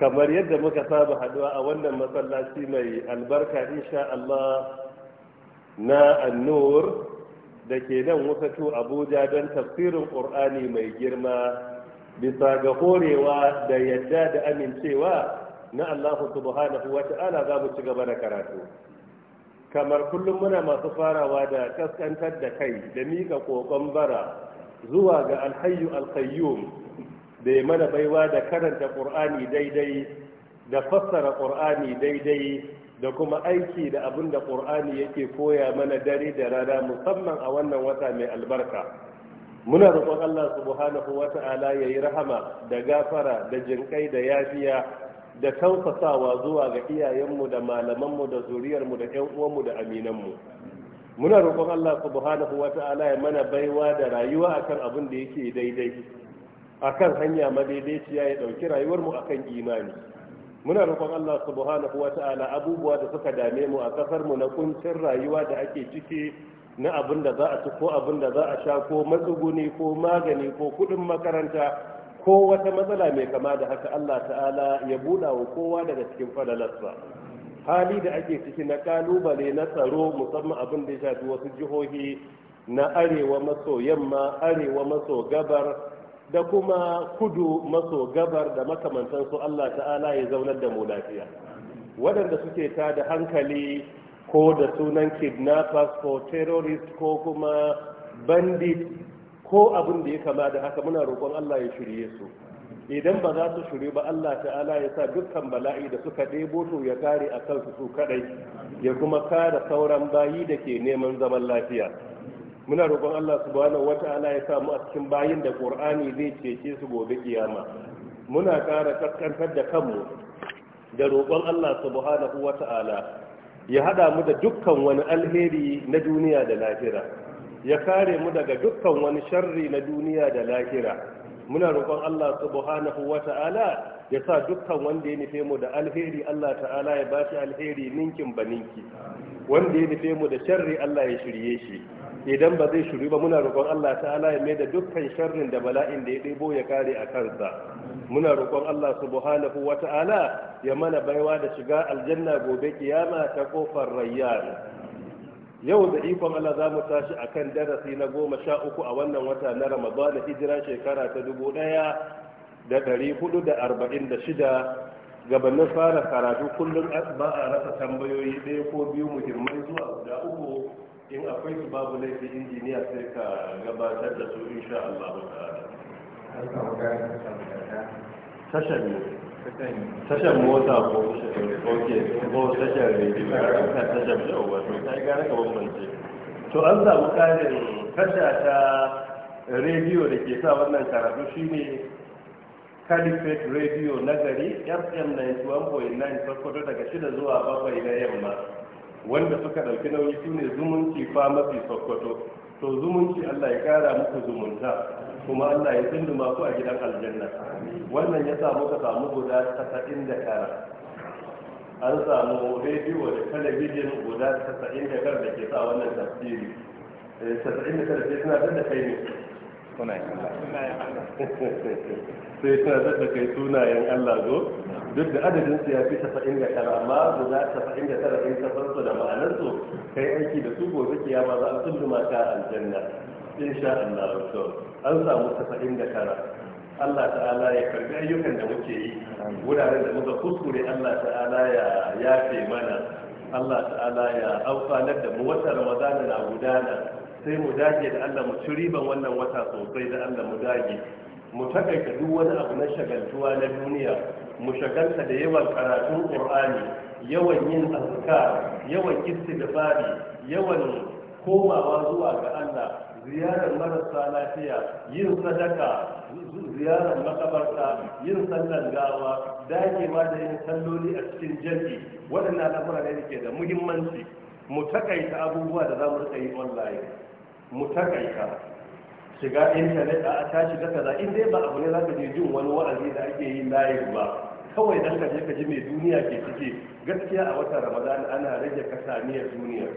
kamar yadda muka saba haduwa a wannan masallaci mai albarka insha Allah na annur da ke nan wakatu abuja don tafsirin ƙur'ani mai girma bisa ga horewa da yadda da amincewa na allahu subhanahu wa ta'ala za mu ci gaba da karatu kamar kullum muna masu farawa da kaskantar da kai da miƙa ƙoƙon bara zuwa ga alhayyu alkayyum da ya mana baiwa da karanta ƙur'ani daidai da fassara ƙur'ani daidai da kuma aiki da abin da ƙur'ani yake koya mana dare da rana musamman a wannan wata mai albarka muna roƙon Allah subhanahu wata'ala ya yi rahama da gafara da jinƙai da yafiya da tausasawa zuwa ga iyayenmu da malamanmu da zuriyarmu da ƴan uwanmu da aminanmu muna roƙon Allah subhanahu wata'ala ya mana baiwa da rayuwa akan abin da yake daidai a kan hanya madaidaiciya ya dauki rayuwar mu akan imani muna roƙon Allah subhanahu ta'ala abubuwa da suka dame mu a kasar mu na kuncin rayuwa da ake ciki na abin da za a ci ko abin da za a sha ko matsuguni ko magani ko kuɗin makaranta ko wata matsala mai kama da haka Allah ta'ala ya buɗa wa kowa daga cikin fadalarsa hali da ake ciki na kalubale na tsaro musamman abin da ya shafi wasu jihohi na arewa maso yamma arewa maso gabar da kuma kudu maso gabar da makamantansu Allah ta'ala ya zaunar da mu lafiya waɗanda suke ta da hankali ko da sunan kidnappers ko terrorist ko kuma bandit ko abin da ya kama da haka muna roƙon Allah ya shirye su idan ba za su shirye ba Allah ta'ala ya sa dukkan bala'i da suka ɗebo to ya kare a kansu su kaɗai ya kuma kare sauran bayi da ke neman zaman lafiya muna roƙon Allah subhanahu wata'ala ya samu a cikin bayin da Qur'ani zai cece su gobe kiyama muna ƙara kaskantar da kanmu da roƙon Allah subhanahu wata'ala ya haɗa mu da dukkan wani alheri na duniya da lahira ya kare mu daga dukkan wani sharri na duniya da lahira muna roƙon Allah subhanahu wa ta'ala ya sa dukkan wanda ya nufe mu da alheri Allah ta'ala ya bashi alheri ninkin ba ninki wanda ya nufe mu da sharri Allah ya shirye shi idan ba zai shiru ba muna roƙon Allah ta'ala ya mai da dukkan sharrin da bala'in da ya ɗebo ya kare a kansa muna roƙon Allah subhanahu wa ta'ala ya mana baiwa da shiga aljanna gobe kiyama ta kofar rayyan yau da ikon Allah za mu tashi a kan darasi na goma sha uku a wannan wata na Ramadan hijira shekara ta dubu ɗaya da ɗari hudu da arba'in da shida gabanin fara karatu kullum ba a rasa tambayoyi ɗaya ko biyu muhimmai zuwa guda uku in akwai su babu laifi injiniya sai ka gabatar da su insha Allah ta'ala. Tashar ne. Sashen mota ko oke ko sashen rediyo ya tashar wato ta yi to an samu karin tasha ta rediyo da ke sa wannan karatu shine caliphate radio na gari fm 91.9 sokoto daga shida zuwa bakwai na yamma wanda suka ɗauki nauyi su ne zumunci fa mafi sokoto to zumunci allah ya kara muku zumunta kuma Allah ya tsinduma ku a gidan aljanna wannan ya samu ka samu guda tasa'in da an samu rediyo da talabijin guda tasa'in da da ke sa wannan tafsiri tasa'in eh, da tara sai suna da kai ne sai suna da kai sunayen Allah zo duk da adadin su ya fi tasa'in da amma guda tasa'in da tara in su da su kai aiki da su gobe kiyama za a tsinduma ka aljanna insha Allah to an samu tasa'in da tara Allah ta'ala ya karbi ayyukan da muke yi wuraren da muka kuskure Allah ta'ala ya yafe mana Allah ta'ala ya amfanar da mu wata ramadana na gudana sai mu dage da Allah mu ci riban wannan wata sosai da Allah mu dage mu takaita duk wani abu na shagaltuwa na duniya mu shagalta da yawan karatun qur'ani yawan yin azkar yawan istighfari yawan komawa zuwa ga Allah ziyarar marasa lafiya yin sadaka ziyarar makabarta yin sallar gawa ma da yin salloli a cikin jirgi waɗannan al'amura ne ke da muhimmanci mu takaita abubuwa da za mu rika yi online mu takaita shiga intanet a ta shiga kaza in dai ba abu ne za ka je jin wani wa'azi da ake yi layin ba kawai dan ka je ka ji mai duniya ke ciki gaskiya a watan ramadan ana rage kasaniyar duniya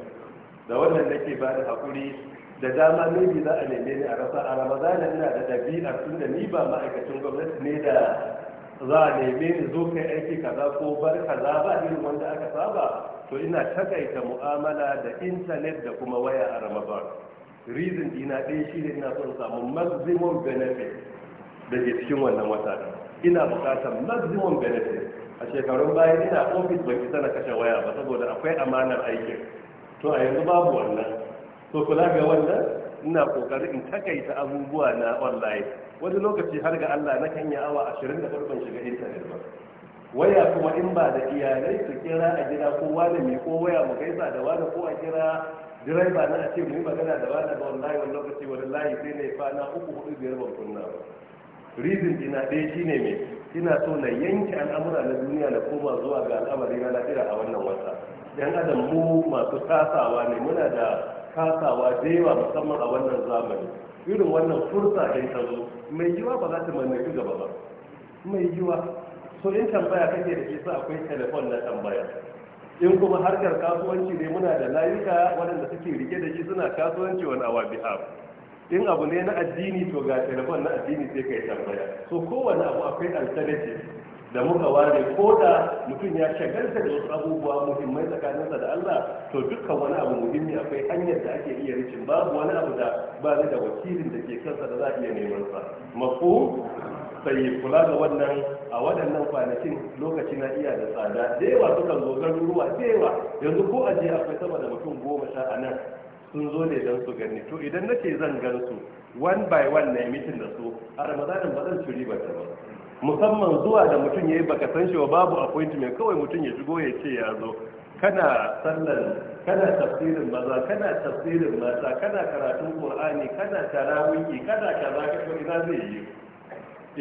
da wannan nake ba da haƙuri da dama ne za a neme ni a rasa a ramadana ina da ɗabi'a tun da ni ba ma'aikacin gwamnati ne da za a neme ni zo kai aiki kaza ko bar kaza ba irin wanda aka saba to ina takaita mu'amala da intanet da kuma waya a ramadan Rizin dina ɗaya shi ne ina son samu maximum benefit da ke cikin wannan wata ina buƙatar maximum benefit a shekarun bayan ina ofis ban isa na kashe waya ba saboda akwai amanar aikin to a yanzu babu wannan to kula ga wannan ina kokarin in takaita abubuwa na online wani lokaci har ga Allah na kan yi awa 20 da ban shiga internet ba waya kuma in ba da iyalai su kira a gida ko wani mai ko waya mu gaisa da wani ko a kira direba na a ce mu yi magana da wani ba online wani lokaci wani layi sai na fana uku hudu biyar ban kunna ba reason ina ɗaya ne mai ina so na yanke al'amura na duniya na koma zuwa ga al'amari na lafiya a wannan wata yan adam mu masu tasawa ne muna da kasawa da yawa musamman a wannan zamani irin wannan fursa in ta zo mai yiwa ba za ta mallaki gaba ba mai yiwa so in tambaya kake da isa akwai telefon na tambaya in kuma harkar kasuwanci ne muna da layuka waɗanda suke rike da shi suna kasuwanci wani awa bihar in abu ne na addini to ga telefon na addini sai ka yi tambaya so kowane abu akwai alternative da muka ware ko da mutum ya shagarta da wasu abubuwa muhimmai tsakaninsa da Allah to dukkan wani abu muhimmi akwai hanyar da ake iya rikin babu wani abu da ba ni da wakilin da ke kansa da za a iya neman sa mafu sai kula da wannan a waɗannan kwanakin lokaci na iya da tsada da yawa sukan zo garuruwa da yawa yanzu ko aje akwai sama da mutum goma sha a nan sun zo ne don su gani to idan na zan gan su one by one na yi mitin da su a ramadanin ba zan ci ribar ba musamman zuwa da mutum ya yi baka san shi wa babu appointment kawai mutum ya shigo ya ce ya zo kana sallan kana tafsirin maza kana tafsirin mata kana karatun qur'ani kana tarawihi kana kaza ina zai yi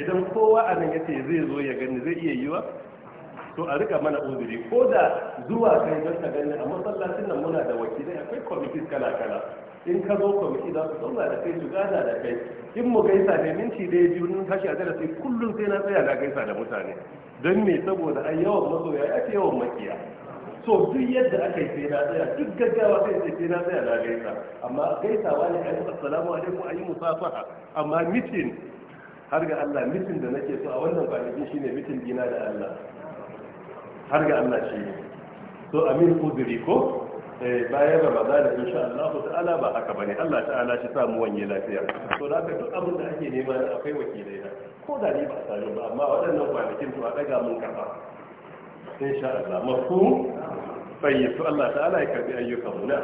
idan kowa a nan yace zai zo ya gani zai iya yiwa to a rika mana uzuri ko da zuwa kai don ka gani a masallacin nan muna da wakilai akwai kwamitin kala kala in ka zo kwamiti za su zauna da kai su gada da kai in mu gaisa ne minti da ya biyu wani kashi a darasi kullum sai na tsaya na gaisa da mutane don me saboda an yawan masoya ya fi yawan makiya so duk yadda aka yi sai na tsaya duk gaggawa sai sai sai na tsaya na gaisa amma gaisawa ne ayi assalamu alaikum yi musafaha amma mitin har ga Allah mitin da nake so a wannan kwanakin shine mitin dina da Allah har ga Allah shi so amin udri ko Eh, bayan ramadana insha Allah ta'ala ba haka bane Allah ta'ala shi samu wanye lafiya to da ka duk abin da ake nema da akwai wakilai na ko da ni ba a sami ba amma waɗannan kwanakin to a daga mun kafa insha Allah mafhum tayyib to Allah ta'ala ya karbi ayyukan mu na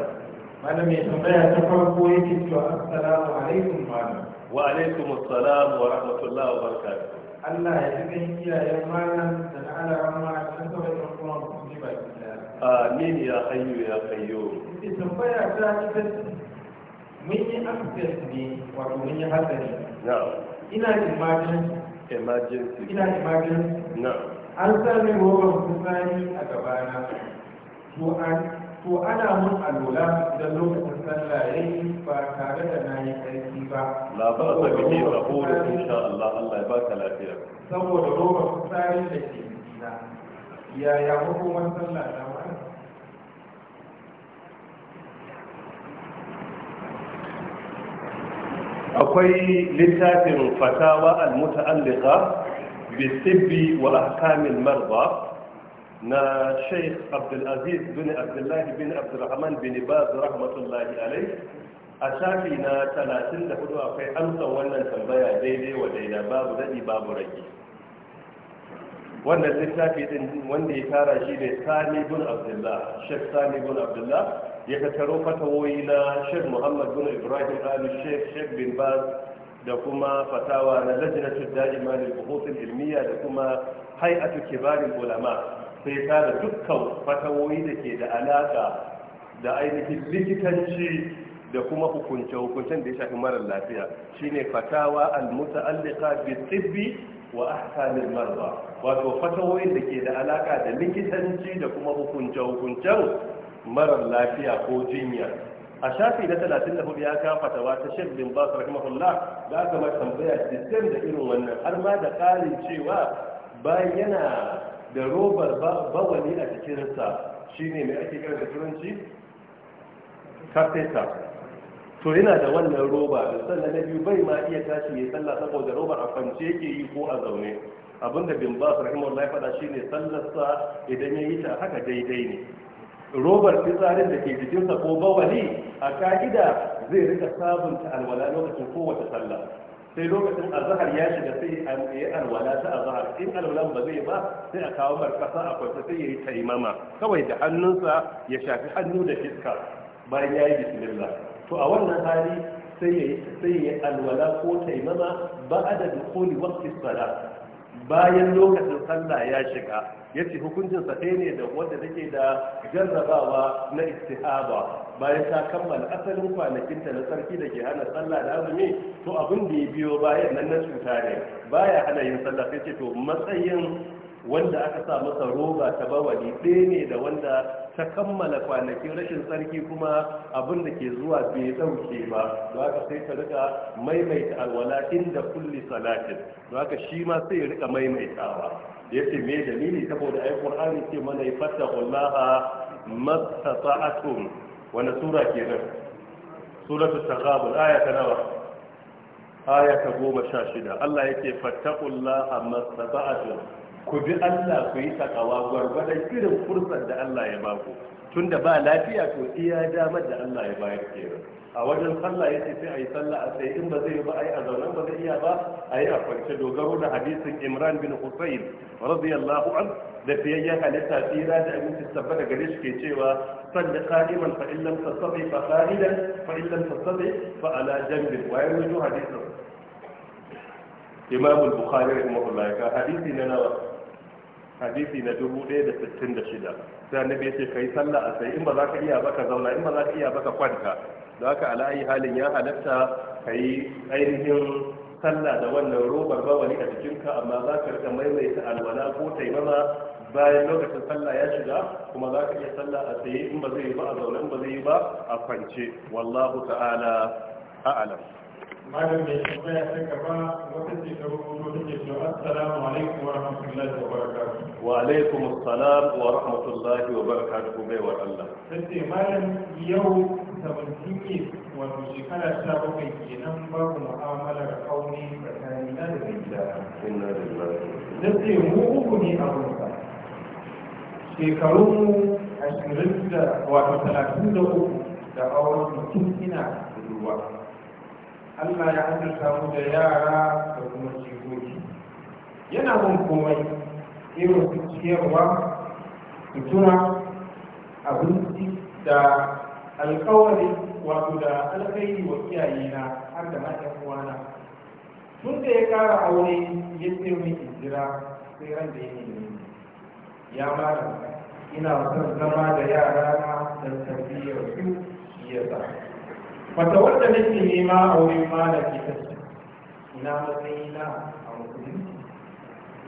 malami tambaya ta farko yake cewa assalamu alaikum malam wa alaikum assalam wa rahmatullahi wa barakatuh Allah ya ji iyayen malam amini ya hayyu ya kayyo da tambaya ta ita mun yi access ne wato mun yi hatsari ina emergency emergency ina emergency na an sami robar fitsari a gabana to an to ana mun alola idan lokacin sallah ba tare da na yi ƙarfi ba. Labar da biki a hori insha Allah Allah ya ba ka lafiya. Saboda da ke yaya hukumar sallah akwai littafin fatawa al-muta'alliqa bi wa ahkamil marda na Sheikh Abdul Aziz bin Abdullah bin Abdurrahman bin Baz rahmatullahi alayh a shafi na 34 akwai amsa wannan tambaya daidai wa daida babu dadi babu rage wannan littafi din wanda ya tara shi ne Sani bin Abdullah Sheikh Sani bin Abdullah ya tattaro fatawoyi na sheikh muhammad bin ibrahim ali sheikh sheikh bin baz da kuma fatawa na lajnatu da'ima lil buhuth ilmiya da kuma Hai'atu kibarin ulama sai ta da dukkan fatawoyi da ke da alaka da ainihin likitanci da kuma hukunce hukuncen da ya shafi marar lafiya shine fatawa al-muta'alliqa bi wa ahkamil marwa wato fatawoyin da ke da alaka da likitanci da kuma hukunce hukuncen marar lafiya ko jinya a shafi na 34 ya kafa ta ta Sheikh bin Bas rahimahullah da aka mai tambaya sistem da irin wannan har ma da ƙarin cewa bayan yana da robar bawani a shi shine mai ake karanta turanci kafeta to yana da wannan roba da sannan na biyu bai ma iya tashi ya sallah saboda roba a kwance yake yi ko a zaune abinda bin ba su rahimar ya fada shi ne sallarsa idan ya yi ta haka daidai ne robar fitsarin da ke jikinsa ko bawali a ka'ida zai rika sabunta alwala lokacin kowace sallah sai lokacin azahar ya shiga sai an yi alwala ta azahar, in alwalan ba zai ba sai a kawo mar kasa a kwanta sai yayi taimama kawai da hannunsa ya shafi hannu da fiska bayan yi bismillah to a wannan hali sai ya sai alwala ko taimama ba'da dukhuli waqti salat bayan lokacin sallah ya shiga yace hukuncin sa ɗaya ne da wanda take da jarrabawa na istihaba bayan ta kammala asalin kwanakin ta na sarki da ke hana sallah da azumi to abin da ya biyo bayan nan na cuta ne baya hana yin sallah sai ce to matsayin wanda aka sa masa roba ta bawali ɗaya ne da wanda ta kammala kwanakin rashin sarki kuma abin da ke zuwa bai ɗauke ba don haka sai ta rika maimaita alwala inda kulli salatin don haka shi ma sai ya rika maimaitawa ya ce me dalili saboda ai qur'ani ce mana ya fata wallaha mastata'atum wani sura kenan suratul taghabun aya ta nawa aya ta goma sha shida Allah ya ce fattaqullaha mastata'atum ku bi Allah ku yi takawa gwargwadon irin fursar da Allah ya baku tun da ba lafiya to iya damar da Allah ya bayar kenan a wajen sallah ce sai ayi sallah a tsaye in ba zai ba ayi a zaunan ba zai iya ba yi a kwance dogaro da hadisin Imran bin Husayn radiyallahu an da fiyayyen halitta tsira da abinci da gare shi ke cewa sanda qa'iman fa in lam tastati fa qa'idan fa in lam fa ala janbin wa hadisin Imam al-Bukhari rahimahullah ka hadisi na nawa hadisi na 1066 sai annabi ya ce kai sallah a sai in ba za ka iya ba ka zauna in ba za ka iya ba ka kwanta da haka ala ayi halin ya halatta yi ainihin sallah da wannan robar bawali a jikinka amma za ka riƙa maimaita alwala ko taimama bayan lokacin sallah ya shiga kuma za ka iya sallah a tsaye in ba zai yi ba a zaune in ba zai yi ba a kwance wallahu ta'ala a'alam malam mai tambaya ta gaba wata ce ta rubuto take cewa assalamu alaikum wa rahmatullahi wa barakatuh wa alaikum assalam wa rahmatullahi wa barakatuh bai wa Allah sai malam yau 17 years wato shekara 17 kenan babu mu'amalar aure tsakanina da gida inna lillahi sai mu uku ne abun ka shekarun 20 da wato talatin da uku da auren mutum ina ruwa Allah ya azurta mu da yara da kuma jikoki yana mun komai irin su ciyarwa sutura abinci da alkawari wato da alkairi wa iyaye na har da matan uwana tun da ya kara aure ya ce jira, hijira sai ran da ya nemi ya mara ina son zama da yara na da tafiya su shi ya sa فتولى مثله ما او مما لك تسلم الى مثل او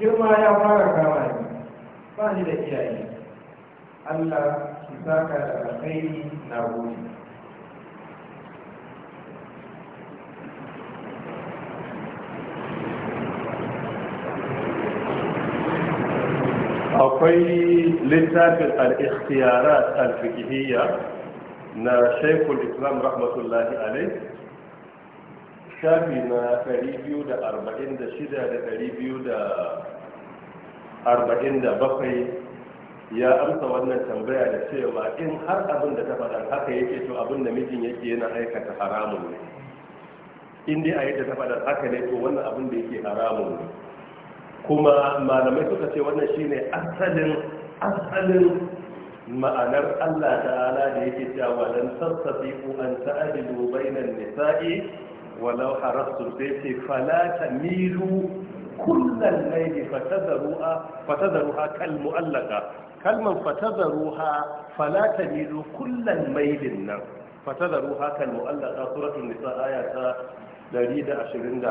كما يا فارق كمان فاني لك يا ايه الله يساك الخير نابوني أقوي لتابع الاختيارات الفقهية na shaikul islam rahmatullahi alai shafi na 246 da 247 ya amsa wannan tambaya da cewa in har abin da ta faɗa haka yake to abin da mijin yake yana aikata haramun ne in dai a yadda ta faɗa haka ne to wannan abin da yake haramun ne kuma malamai suka ce wannan shine asalin asalin ma'anar Allah ta'ala da yake cewa dan ku an ta'adilu bainan nisa'i walau harastu sai ce fala tamilu kullal layli fatadruha fatadruha kal mu'allaqa kalman fatadruha fala tamilu kullal mailin nan fatadruha kal mu'allaqa suratul nisa ayata 129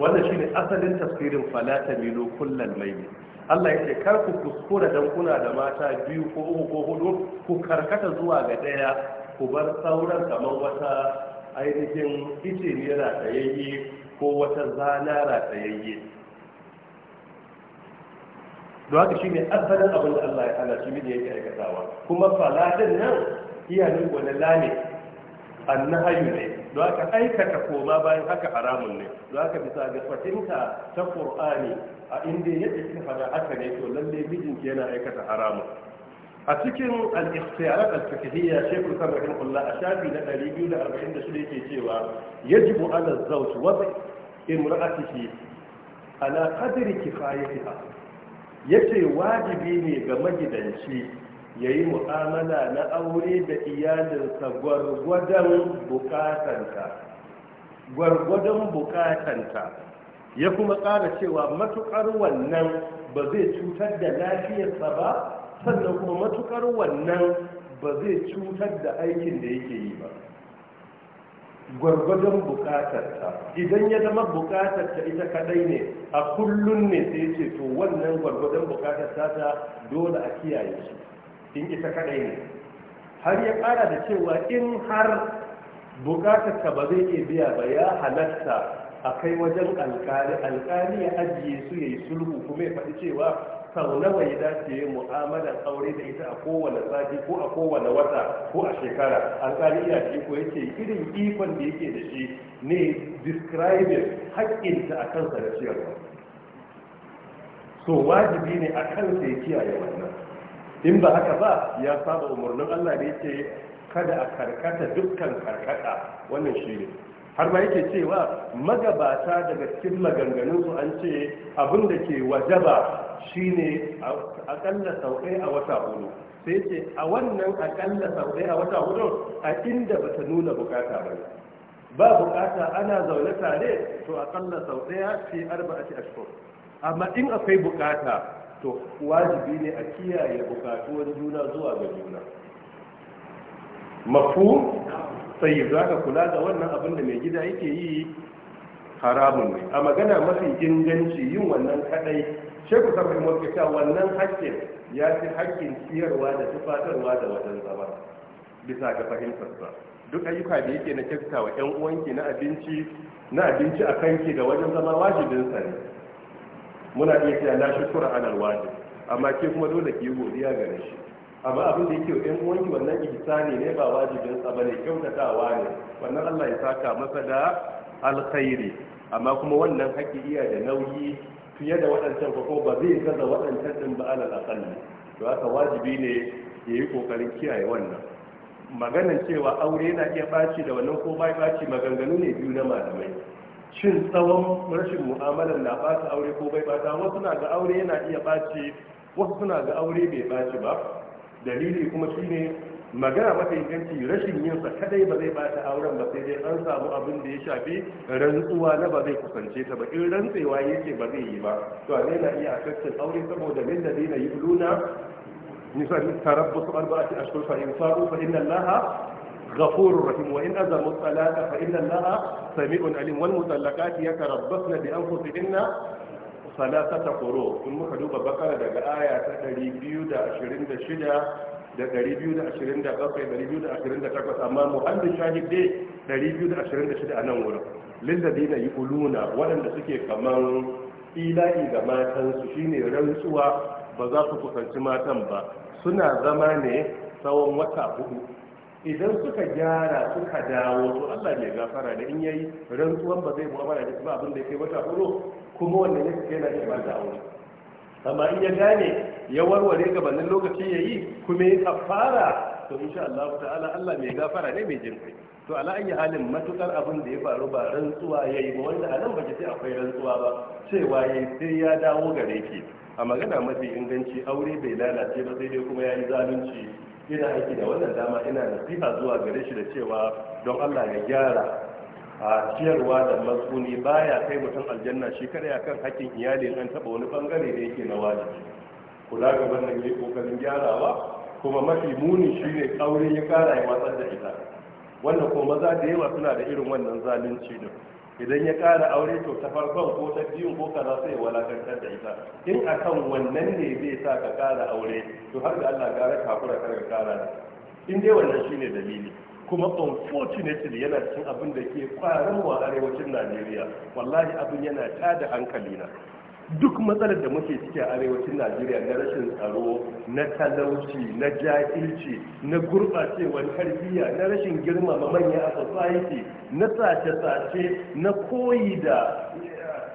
wannan shine asalin tafsirin Falata tamilu kullal mayl Allah yake kar ku kuskura dan kuna da mata biyu ko uku ko hudu ku karkata zuwa ga daya ku bar sauran kamar wata ainihin ice ne ratayayye ko wata zana ratayayye don haka ne asalin abin da Allah ya hana shi ne yake aikatawa kuma falatin nan iyalin wani lane annahayu ne don aikata koma bayan haka haramun ne Za ka bisa ga fahimta ta qur'ani a inda yadda kika faɗa haka ne to lalle mijinta yana aikata haramun a cikin al-ikhtiyarat al-fiqhiyya shaykh Usman rahimahullah a shafi na 246 yake cewa yajibu ala az-zawj wa imra'atihi ala qadri kifayatiha yace wajibi ne ga magidanci ya yi mu'amala na aure da iyalinsa gwargwadon bukatanta gwargwadon bukatanta ya kuma ƙara cewa matukar wannan ba zai cutar da lafiyarsa ba sannan kuma matukar wannan ba zai cutar da aikin da yake yi ba gwargwadon bukatarta idan ya zama bukatarta ita kadai ne a kullum ne sai ce to wannan gwargwadon bukatarta ta dole a kiyaye shi in ita kadai ne har ya kara da cewa in har bukatar ka ba zai iya biya ba ya halatta a kai wajen alkali alkali ya ajiye su ya yi sulhu kuma ya faɗi cewa sau nawa ya dace ya mu'amalar aure da ita a kowane sati ko a kowane wata ko a shekara alkali ya ce ko yake irin ikon da yake da shi ne describing haƙƙinta a kansa da ciyarwa so wajibi ne a kansa ya kiyaye wannan in ba haka ba ya saba umarnin Allah ne yake kada a karkata dukkan karkata wannan shi ne har ma yake cewa magabata daga cikin maganganunsu an ce abin da ke wajaba shine akalla sau ɗaya a wata hudu sai ce a wannan akalla sau ɗaya a wata hudu a inda bata nuna bukata ba ba bukata ana zaune tare to akalla sau ɗaya ce a ce amma in akwai bukata to wajibi ne a kiyaye bukatuwar juna zuwa ga juna mafu sai za ka kula da wannan abin da mai gida yake yi haramun ne a magana mafi inganci yin wannan kadai ku samun mafita wannan hakkin ya fi hakkin siyarwa da tufatarwa da wajen zama bisa ga sa. duk ayyuka da yake na kyautawa 'yan uwanki na abinci na abinci a kanki da wajen zama wajibinsa ne muna iya cewa na shukura alal wajib amma ke kuma dole ki yi godiya gare shi amma abin da yake ɗan uwanki wannan ihsani ne ba wajibin sa bane kyautatawa ne wannan Allah ya saka masa da alkhairi amma kuma wannan haƙi iya da nauyi fiye da waɗancan ko ba zai gaza waɗancan din ba ala aqalli to haka wajibi ne ya yi kokarin kiyaye wannan maganan cewa aure yana iya baci da wannan ko bai baci maganganu ne biyu na malamai shin tsawon rashin mu'amalar na ɓata aure ko bai ɓata wasu na ga aure yana iya ɓace wasu suna ga aure bai ɓace ba dalili kuma shine magana mafi inganci rashin yin sa kadai ba zai bata auren ba sai dai an samu abin da ya shafi rantsuwa na ba zai kusance ta ba in rantsewa yake ba zai yi ba to a na iya affectin aure saboda min da dina yi luna nisa min tarabbasu arba'ati a fa in faru fa inna allaha غفور رحيم وإن أذى الطلاق فإن الله سميع عليم والمطلقات يتربصن بأنفسهن ثلاثة قروء إن مكدوبة بقرة دقى آية تقريبيو دا أشرين دا شدا da 227 da 228 amma muhallin shahid dai 226 a nan wurin lillazina yuluna waɗanda suke kamar ila'i ga matansu shine rantsuwa ba za su kusanci matan ba suna zama ne tsawon wata hudu idan suka gyara suka dawo to Allah mai gafara da in yayi rantsuwan ba zai mu'amala da ba abin da yake wata hudu kuma wannan yake yana da ba aure amma in ya gane ya warware gabanin lokaci yayi kuma ya kafara to insha Allah ta'ala Allah mai gafara ne mai jin to ala ayi halin matukar abin da ya faru ba rantsuwa yayi ba wanda a nan ba ce akwai rantsuwa ba cewa yayi sai ya dawo gare ki a magana mafi inganci aure bai lalace ba sai dai kuma yayi zalunci ina aiki da wannan dama ina nasiha zuwa gare shi da cewa don Allah ya gyara a ciyarwa da matsuni baya kai mutum aljanna shi kare ya kan hakkin iyali an taba wani bangare da yake na wajibi kula ga wannan yayi kokarin gyarawa kuma mafi muni shine kaure ya kara ya watsar da ita wannan ko maza da yawa suna da irin wannan zalunci da idan ya kara aure to ta farkon ko ta biyun ko kaza sai walakantar da ita in akan wannan ne zai sa ka kara aure to har da Allah gara ka hakura kar ka ƙara da in dai wannan shine dalili kuma unfortunately yana cikin abin da ke kwarin wa arewacin Najeriya wallahi abin yana tada hankali na duk matsalar da muke ciki a arewacin najeriya na rashin tsaro na talauci na jahilci na gurɓacewar tarbiyya na rashin girmama manya a society na sace-sace na koyi da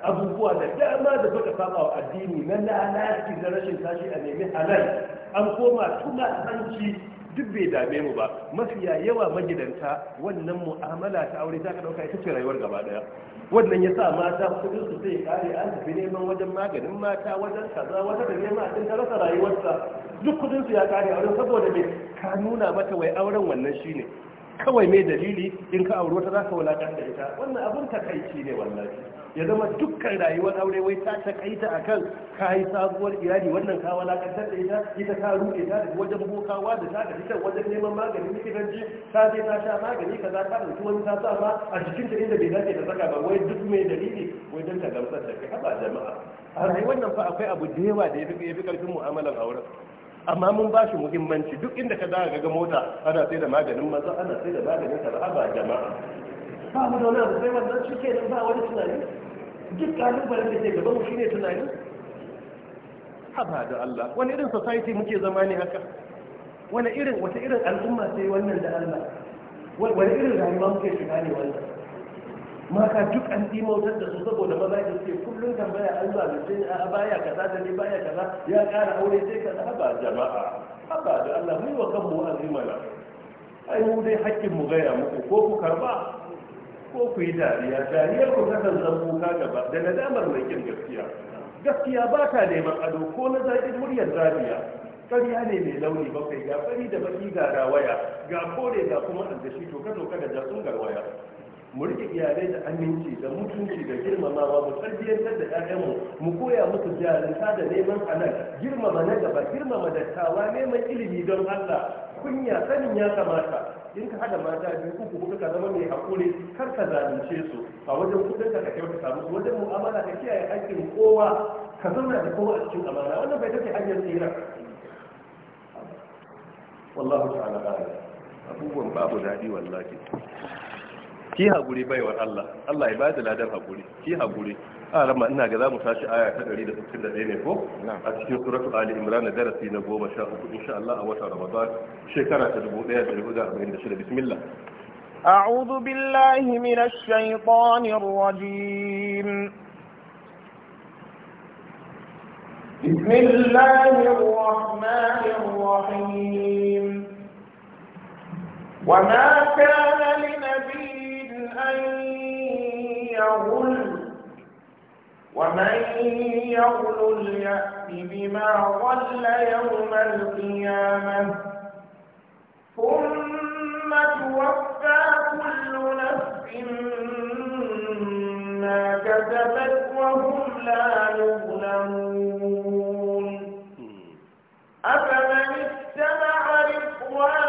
abubuwa da dama da suka saba wa addini na lalaci na rashin tashi a nemi halal an koma tuna tsanci duk bai dame mu ba mafiya yawa magidanta wannan mu'amala ta aure ta ka ɗauka ita ce rayuwar gaba ɗaya wannan ya sa mata kudin su sai kare an tafi neman wajen maganin mata wajen kaza wata da neman a ta rasa rayuwarsa duk kudin su ya kare auren saboda me ka nuna mata wai auren wannan shine kawai mai dalili in ka auri wata za ka da ita wannan abun takaici ne wallahi ya zama dukkan rayuwar aure wai ta takaita kan ka yi sabuwar iyali wannan ka walakantar da ita ita ka ruɗe ta daga wajen bokawa da ta tafi wajen neman magani likitanci ta je ta sha magani ka za ta ɗauki wani ta sa ma a cikin ta inda bai dace ta saka ba wai duk mai dalili wai don ta gamsar da kai haɓa jama'a a rayuwar nan fa akwai abu da yawa da ya fi ƙarfin mu'amalar auren amma mun ba shi muhimmanci duk inda ka za ga mota ana sai da maganin maza ana sai da maganin ba jama'a ba mu da wani abu sai wannan shi ke ba wani tunani duk kalubalen da ke gaban mu shine tunanin haba da Allah wani irin society muke zama ne haka wani irin wata irin al'umma sai wannan da Allah wani irin rayuwa muke shiga ne wannan maka duk an dimautar da su saboda maza da suke kullum tambaya Allah da sai a baya kaza da ni baya kaza ya kara aure sai kaza haba jama'a haba da Allah mu wa kanmu azimana ai mu dai hakkin mu gaya muku ko ku karba ko ku yi dariya dariya ku kasan zan kuka gaba da nadamar mai kin gaskiya gaskiya ba ta neman ado ko na zaɓin muryar zabiya ƙarya ne mai launi bakwai ga fari da baki ga rawaya ga kore ga kuma aljashi to ka doka da jatsun garwaya mu rike iyalai da aminci da mutunci da girmamawa mu tarbiyyantar da ƴaƴanmu mu koya musu jarinta da neman halal girmama na gaba girmama dattawa neman ilimi don Allah kunya sanin ya kamata in ka haɗa mata biyu uku kuma ka zama mai haƙuri, kar ka zalunce su a wajen kudin ka ka kyautata musu wajen mu'amala ka kiyaye hakkin kowa ka zauna da kowa a cikin amana wannan bai take hanyar tsira wallahu ta'ala ba'ala abubuwan babu daɗi wallahi ki haguri baiwar Allah Allah ya bada ladan haƙuri ki haƙuri. أعلم ما إنها قدام وشاشة آية تدري لتبتل لأيني فو أتشين سورة آل إمران درسي نبو ما إن شاء الله أوشع رمضان شكرا تدبو إيه تدبو دار بإن بسم الله أعوذ بالله من الشيطان الرجيم بسم الله الرحمن الرحيم وما كان لنبي أن يغل ومن يغل اليأس بما ضل يوم القيامة ثم توفى كل نفس ما كسبت وهم لا يظلمون أفمن اتبع رضوانه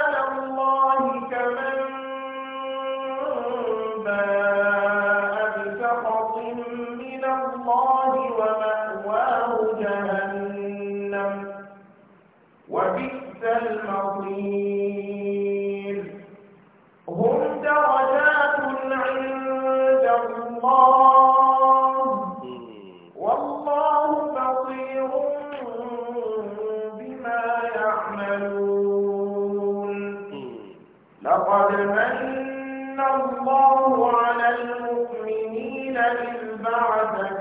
المؤمنين إذ بعث فيهم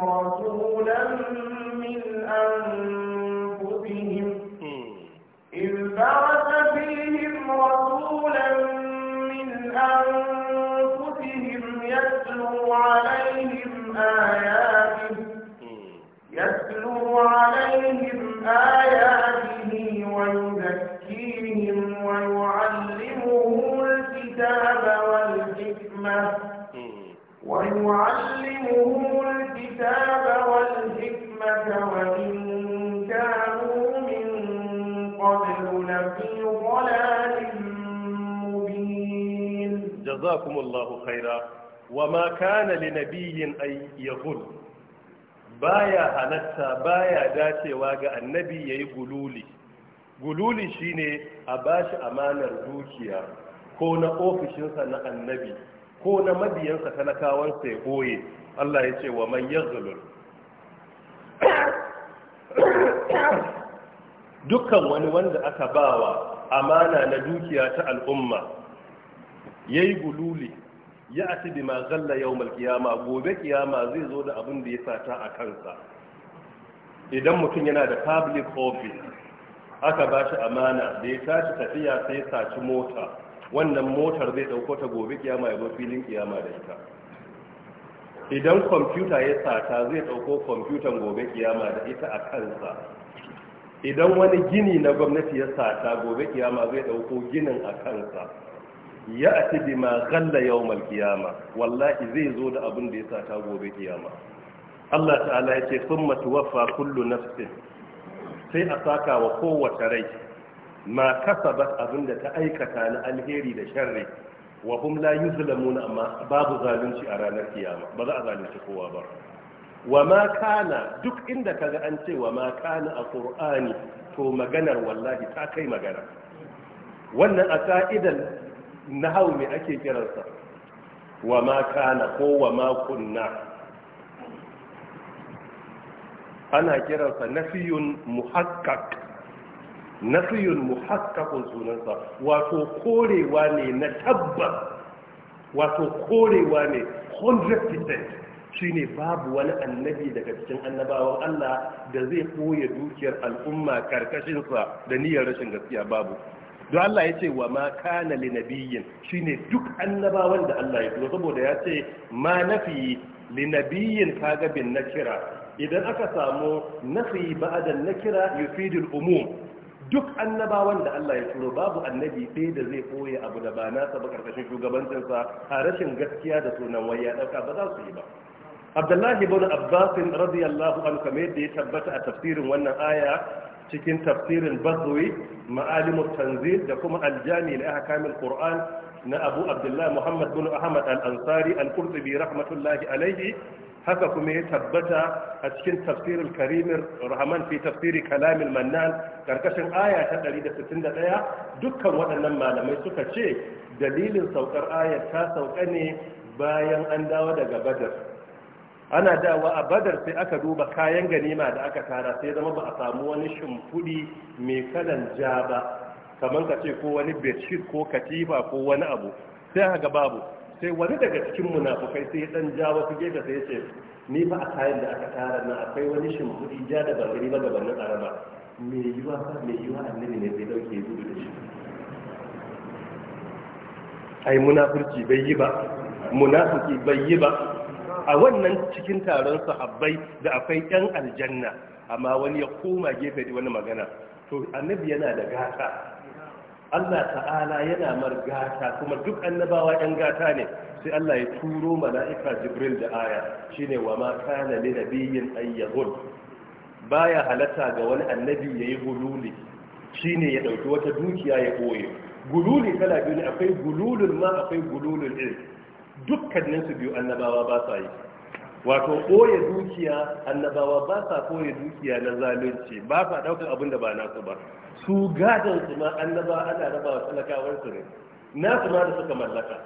رسولا من أنفسهم إذ بعث فيهم رسولا من أنفسهم يتلو عليهم آياته يتلو عليهم آياته wa ma kana li nabiyyin ay yaghul baya halatta baya dacewa ga annabi yayi gululi gululi shine a bashi amanar dukiya ko na ofishinsa na annabi ko na mabiyansa talakawansa ya boye Allah ya ce wa man yaghlul dukkan wani wanda aka bawa amana na dukiya ta al'umma yayi gululi ya ati ma zalla yawmal qiyama gobe kiyama zai zo da abin da ya sata a kansa idan mutum yana da public office aka ba shi amana da ya tashi tafiya sai saci mota wannan motar zai dauko ta gobe kiyama ya zo filin kiyama da ita idan kwamfuta ya sata zai dauko kwamfutan gobe kiyama da ita a kansa idan wani gini na gwamnati ya sata gobe kiyama zai dauko ginin a kansa ya ati bi ma ghalla wallahi zai zo da abin da ya sata gobe kiyama Allah ta'ala ya ce thumma tuwaffa kullu nafsin sai a saka wa kowace rai ma kasabat abin da ta aikata na alheri da sharri wa hum la amma babu zalunci a ranar kiyama ba za a zalunci kowa ba wa ma kana duk inda kaga an ce wa ma kana a qur'ani to maganar wallahi ta kai magana wannan a ka'idan nahawu me ake kiransa wa ma kana ko wa ma kunna ana kiransa nafiyun muhakkak nafiyun muhakkakun sunansa wato korewa ne na tabbas wato korewa ne 100% shine babu wani annabi daga cikin annabawan Allah da zai koya dukiyar al'umma karkashinsa da niyyar rashin gaskiya babu don Allah ya ce wa ma kana li nabiyyin shine duk annabawan da Allah ya tura saboda ya ce ma nafi li nabiyyin kaga bin nakira idan aka samu nafi ba'da nakira yufidul umum duk annabawan da Allah ya turo babu annabi ɗaya da zai koya abu da ba nasa ba karkashin shugabancinsa a rashin gaskiya da sunan wai ya ɗauka ba za su yi ba abdullahi ibn abbas radiyallahu anhu kamar yadda ya tabbata a tafsirin wannan aya cikin tafsirin bazawi ma'alimu tanzil da kuma aljami na ahkamil qur'an na abu abdullahi muhammad bin ahmad al-ansari al-qurtubi rahmatullahi alaihi haka kuma ya tabbata a cikin tafsirin karimin rahman fi tafsiri kalamin mannan karkashin aya ta 161 dukkan waɗannan malamai suka ce dalilin saukar ayar ta sauka ne bayan an dawo daga badar ana dawa a badar sai aka duba kayan ganima da aka tara sai zama ba a samu wani shimfiɗi mai kalan ja ba kamar ka ce ko wani bedsheet ko katifa ko wani abu sai aka babu sai wani daga cikin munafukai sai dan ja wasu gefe sai ya ce ni ba a kayan da aka tara na akwai wani shimfiɗi ja da ban gani ba da wannan araba me yiwa ba me yiwa annabi ne zai dauke gudu da shi ai munafurci bai yi ba Munafuki, bai yi ba a wannan cikin taron sahabbai da akwai yan aljanna amma wani ya koma gefe da wani magana to annabi yana da gata Allah ta'ala yana mar gata kuma duk annabawa yan gata ne sai Allah ya turo mala'ika Jibril da aya shine wa ma kana li nabiyyin ayyuhun baya halatta ga wani annabi yayi gululi shine ya dauki wata dukiya ya boye gululi kala biyu ne akwai gululul ma akwai gululul ilm dukkaninsu biyu annabawa ba sa yi wato koya dukiya annabawa ba sa koya dukiya na zalunci ba sa daukar abin da ba nasu ba su gadon su ma annaba ana raba wa talakawar su ne nasu ma da suka mallaka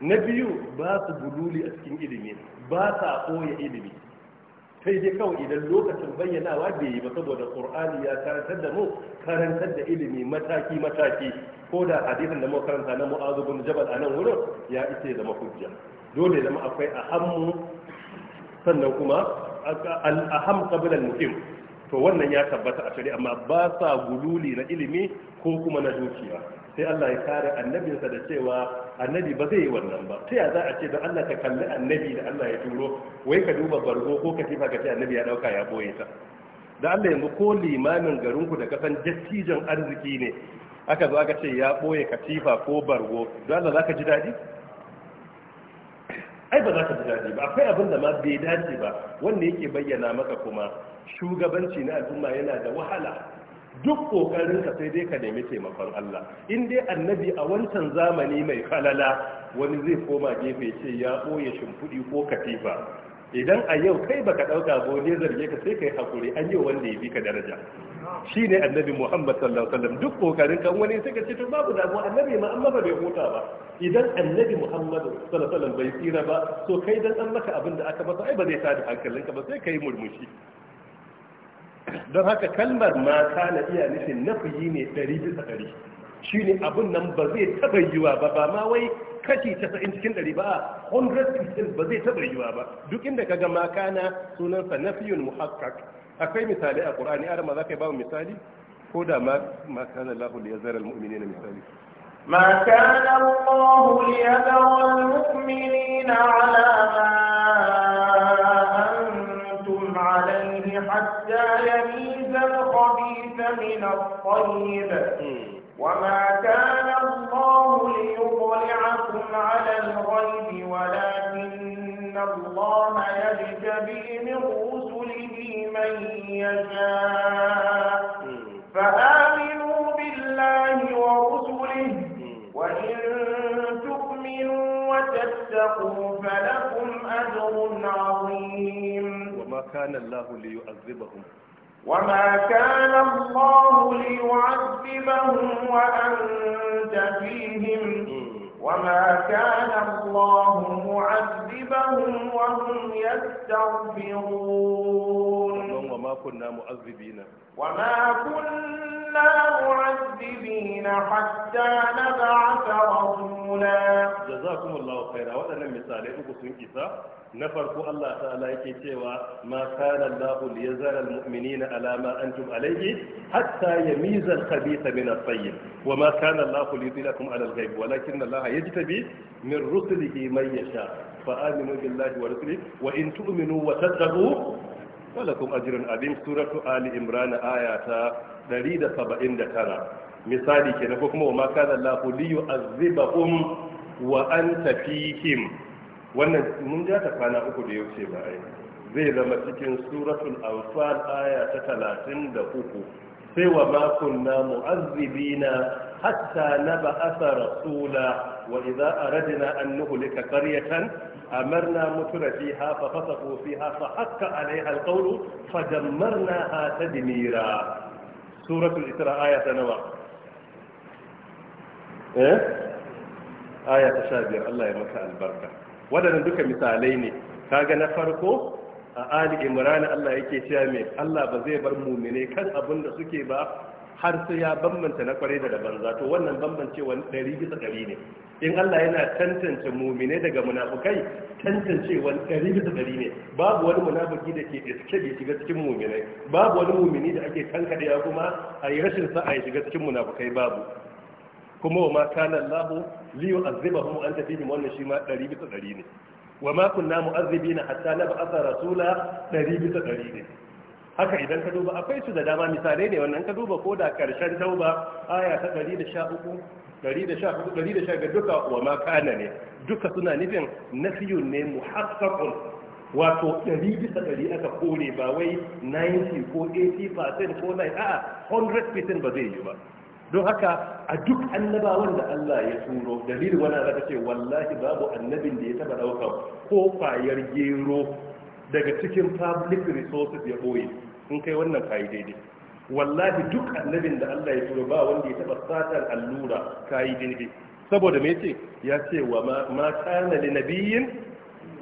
na biyu ba su bululi a cikin ilimi ba sa koya ilimi sai dai kawai idan lokacin bayyanawa bai yi ba saboda qur'ani ya karantar da mu karantar da ilimi mataki mataki ko da hadisin da mu karanta na mu'azu bin jabal a nan ya ice zama hujja dole zama akwai ahammu sannan kuma al-aham qabla al-muhim to wannan ya tabbata a shari'a amma ba sa gululi na ilimi ko kuma na dukiya sai Allah ya kare annabinsa da cewa annabi ba zai yi wannan ba ta ya za a ce don Allah ka kalli annabi da Allah ya turo wai ka duba bargo ko katifa ka ce annabi ya dauka ya boye ta da Allah yanzu ko limamin ku da kasan jattijan arziki ne aka zo aka ce ya boye katifa ko bargo don Allah zaka ji dadi ai ba za ka ji daɗi ba akwai abin da ma bai dace ba wanda yake bayyana maka kuma shugabanci na al'umma yana da wahala duk kokarin sai dai ka nemi taimakon Allah in dai annabi a wancan zamani mai falala wani zai koma gefe ce ya boye shimfudi ko katifa idan a yau kai baka dauka ba ne zarge ka sai kai hakuri an yau wanda ya bi ka daraja Shi ne annabi Muhammad sallallahu alaihi wasallam duk kokarin kan wani sai ka ce to babu damuwa annabi ma an maka bai huta ba idan annabi Muhammad sallallahu alaihi wasallam bai tsira ba to kai dan an maka abin da aka masa ai ba zai tada hankalinka ba sai kai murmushi don haka kalmar ma na iya nufin nafiyi ne ɗari bisa ɗari shi ne abin nan ba zai taɓa yiwa ba ba ma wai kashi casa'in cikin ɗari ba a 100% ba zai taɓa yiwa ba duk inda ka ga maka na sunansa nafiyun muhakkak akwai misali a ƙur'ani arama za ka yi ba misali ko da ma kana lahu ya zara al-mu'mini na misali ما ya الله ليذر المؤمنين na alama. عليه حتى يميز الخبيث من الطيب وما كان الله ليطلعكم على الغيب ولكن الله يجتبي من رسله من يشاء فآمنوا بالله ورسله وإن تؤمنوا وتتقوا فلكم أجر عظيم وما كان الله ليعذبهم وما كان الله ليعذبهم وأنت فيهم وما كان الله معذبهم وهم يستغفرون وما كنا معذبين وما كنا معذبين حتى نبعث رسولا جزاكم الله خيرا وأنا مثالي أبو سنكسا na farko Allah ta'ala yake cewa ma kana Allahu liyazara almu'minina ala ma antum alayhi hatta yamiza al-khabitha min at-tayyib wa ma kana Allahu liyudhilakum ala al-ghayb walakin Allah yajtabi min rusulihi man yasha fa aminu billahi wa rusulihi wa in tu'minu wa tattaqu walakum ajrun azim suratu ali imran ayata 179 misali kenan ko kuma wa ma kana Allahu liyu'adhibahum wa anta fihim wannan mun ja ta kwana uku da yau ce ba ai zai zama cikin suratul anfal aya ta talatin da uku sai wa ma kunna mu'azzibina hatta naba'atha rasula wa idza aradna an nuhlika qaryatan amarna mutura fiha fa fasaqu fiha fa hakka alaiha alqawlu fa fadammarnaha tadmira suratul isra aya ta nawa eh aya ta shabiyar Allah ya maka albarka waɗannan duka misalai ne kaga na farko a ali imran Allah yake cewa me Allah ba zai bar mumine kan abin da suke ba har sai ya bambanta na kware da banza to wannan bambancewa ɗari bisa dari ne in Allah yana tantance mumine daga munafukai tantancewa ɗari bisa dari ne babu wani munafuki da ke iske da shiga cikin mumine babu wani mumini da ake kankaɗewa kuma a yi rashin sa a shiga cikin munafukai babu kuma wa ma kana Allah li yu'azzibahu an anta wannan shi ma 100 bisa ne wa ma kunna mu'azzibina hatta nab'atha rasula 100 bisa ne haka idan ka duba akwai su da dama misalai ne wannan ka duba ko da karshen tauba aya ta 113 114 115 duka wa ma kana ne duka suna nufin nafiyun ne muhaqqaqun wato 100 bisa 100 aka kore ba wai 90 ko 80% ko 90 a'a 100% ba zai yi ba don haka a duk annabawan da Allah ya turo dalilin wani zaka ce wallahi babu annabin da ya taba dauka ko fayar gero daga cikin public resources ya boye in kai wannan kai daidai wallahi duk annabin da Allah ya turo ba wanda ya taba satar allura kai daidai saboda me yace ya ce wa ma kana linabiyin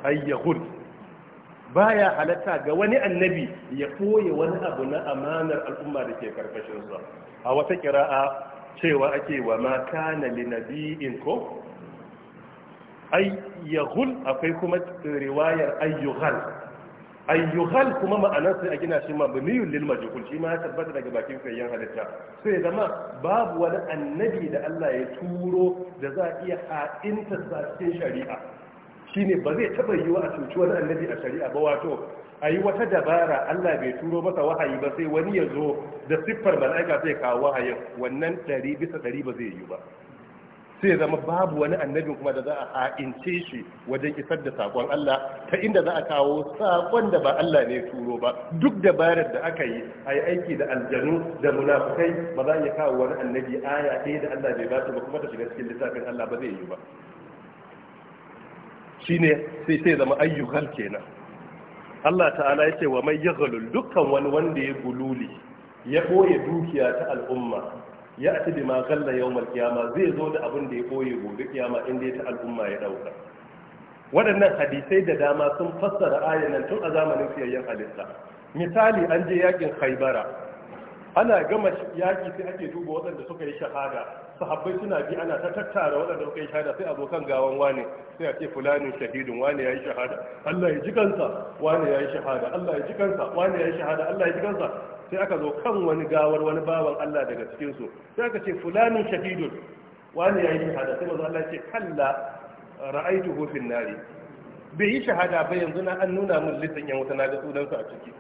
nabiyyin baya halatta ga wani annabi ya koye wani abu na amanar al'umma da ke karkashin sa a wata kira'a cewa ake wa ma kana li nabiyin ko ay yaghul akwai kuma riwayar ayyuhal ayyuhal kuma ma'anar sai a gina shi ma buniyul lil majhul shi ma ya tabbata daga bakin kayyan halitta sai zama babu wani annabi da Allah ya turo da za a iya ha'inta sa cikin shari'a ne ba zai taba wa a cuci wani annabi a shari'a ba wato a yi wata dabara Allah bai turo masa wahayi ba sai wani ya zo da siffar mala'ika sai kawo wahayin wannan ɗari bisa ɗari ba zai yi ba sai zama babu wani annabi kuma da za a ha'ince shi wajen isar da sakon Allah ta inda za a kawo sakon da ba Allah ne turo ba duk dabarar da aka yi a yi aiki da aljanu da munafukai ba za a iya kawo wani annabi aya ɗaya da Allah bai ba su ba kuma ta shiga cikin littafin Allah ba zai yi ba Shi ne sai sai zama ayyuhal kenan Allah ta'ala ya ce wa mai yaghlul dukkan wani wanda ya gululi ya boye dukiya ta al'umma ya ati da ma galla yawmal qiyama zai zo da abin da ya boye gobe kiyama inda ta al'umma ya ɗauka. waɗannan hadisai da dama sun fassara ayan nan tun a zamanin siyayyen halitta misali an je yakin khaybara ana gama yaki sai ake duba waɗanda suka yi shahada sahabbai suna bi ana ta tattara waɗanda suka yi shahada sai abokan gawan wane sai a ce fulani shahidun wane yayi shahada Allah ya ji kansa wane yayi shahada Allah ya ji kansa wane yayi shahada Allah ya ji kansa sai aka zo kan wani gawar wani bawan Allah daga cikin su sai aka ce fulani shahidun wane yayi shahada sai manzo Allah ya ce kalla ra'aytuhu fil nari bai yi shahada ba yanzu na an nuna min litin yan wata na ga sunansa a ciki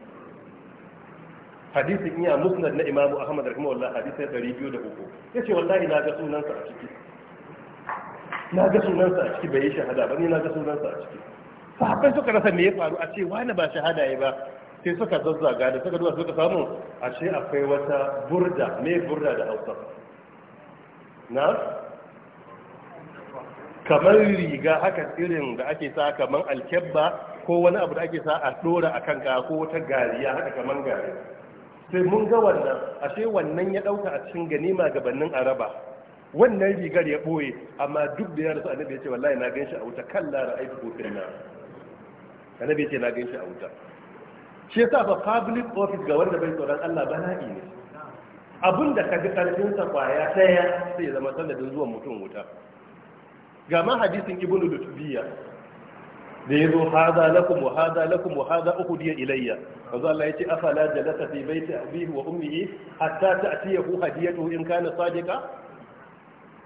hadisin iya musnad na imamu ahmad rahimahullah hadisai Ya yace wallahi na ga sunansa a ciki na ga sunansa a ciki bai yi shahada ba ni na ga sunansa a ciki sahabbai suka rasa me ya faru a ce wani ba shahada ya ba sai suka zazzaga da suka duba suka samu a ce akwai wata burda me burda da hausa na kamar riga haka irin da ake sa kamar alkebba ko wani abu da ake sa a dora akan ka ko wata gariya haka kamar gariya sai mun ga wannan ashe wannan ya dauka a cikin ganima gabanin araba wannan rigar ya boye amma duk da ya rasu annabi ya ce wallahi na ganshi a wuta kalla ra'aytu kufin na annabi ya ce na ganshi a wuta shi yasa ba public office ga wanda bai tsoron Allah ba na'i ne abin da ka ji karfin sa kwaya daya sai ya zama sanadin zuwan mutum wuta ga ma hadisin ibnu lutbiya da ya zo hada lakum wa hada lakum wa hada uhdiya ilayya manzo Allah yace afala jalasa fi baiti abihi wa ummihi hatta ta'tiyahu hadiyatu in kana sadiqa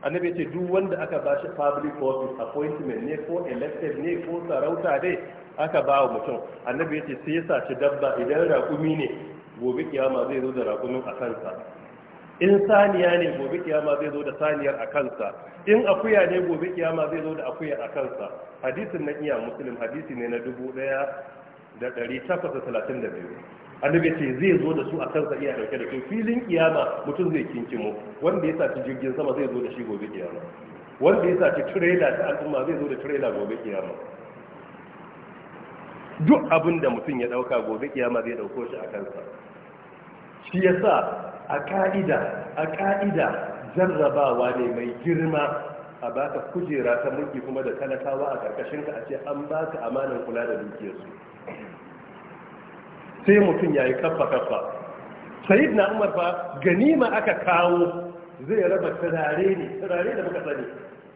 annabi yace duk wanda aka ba shi public office appointment ne ko elected ne ko sarauta dai aka ba wa mutum annabi yace sai ya saci dabba idan raƙumi ne gobe kiyama zai zo da raƙumin a kansa in saniya ne gobe kiyama zai zo da saniyar a kansa in akuya ne gobe kiyama zai zo da akuya a kansa hadisin na iya muslim hadisi ne na dubu ɗaya da ɗari takwas da da biyu annabi ce zai zo da su a kansa iya dauke da su filin kiyama mutum zai kinkimo wanda ya saci jirgin sama zai zo da shi gobe kiyama wanda ya saci tirela ta al'umma zai zo da tirela gobe kiyama duk abin da mutum ya ɗauka gobe kiyama zai ɗauko shi a kansa shi yasa a ka'ida a ka'ida jarrabawa ne mai girma a baka kujera ta mulki kuma da talakawa a karkashin ka a ce an baka amanan kula da dukiyarsu sai mutum yayi kaffa kaffa said na umar fa ganima aka kawo zai raba turare ne turare da muka sani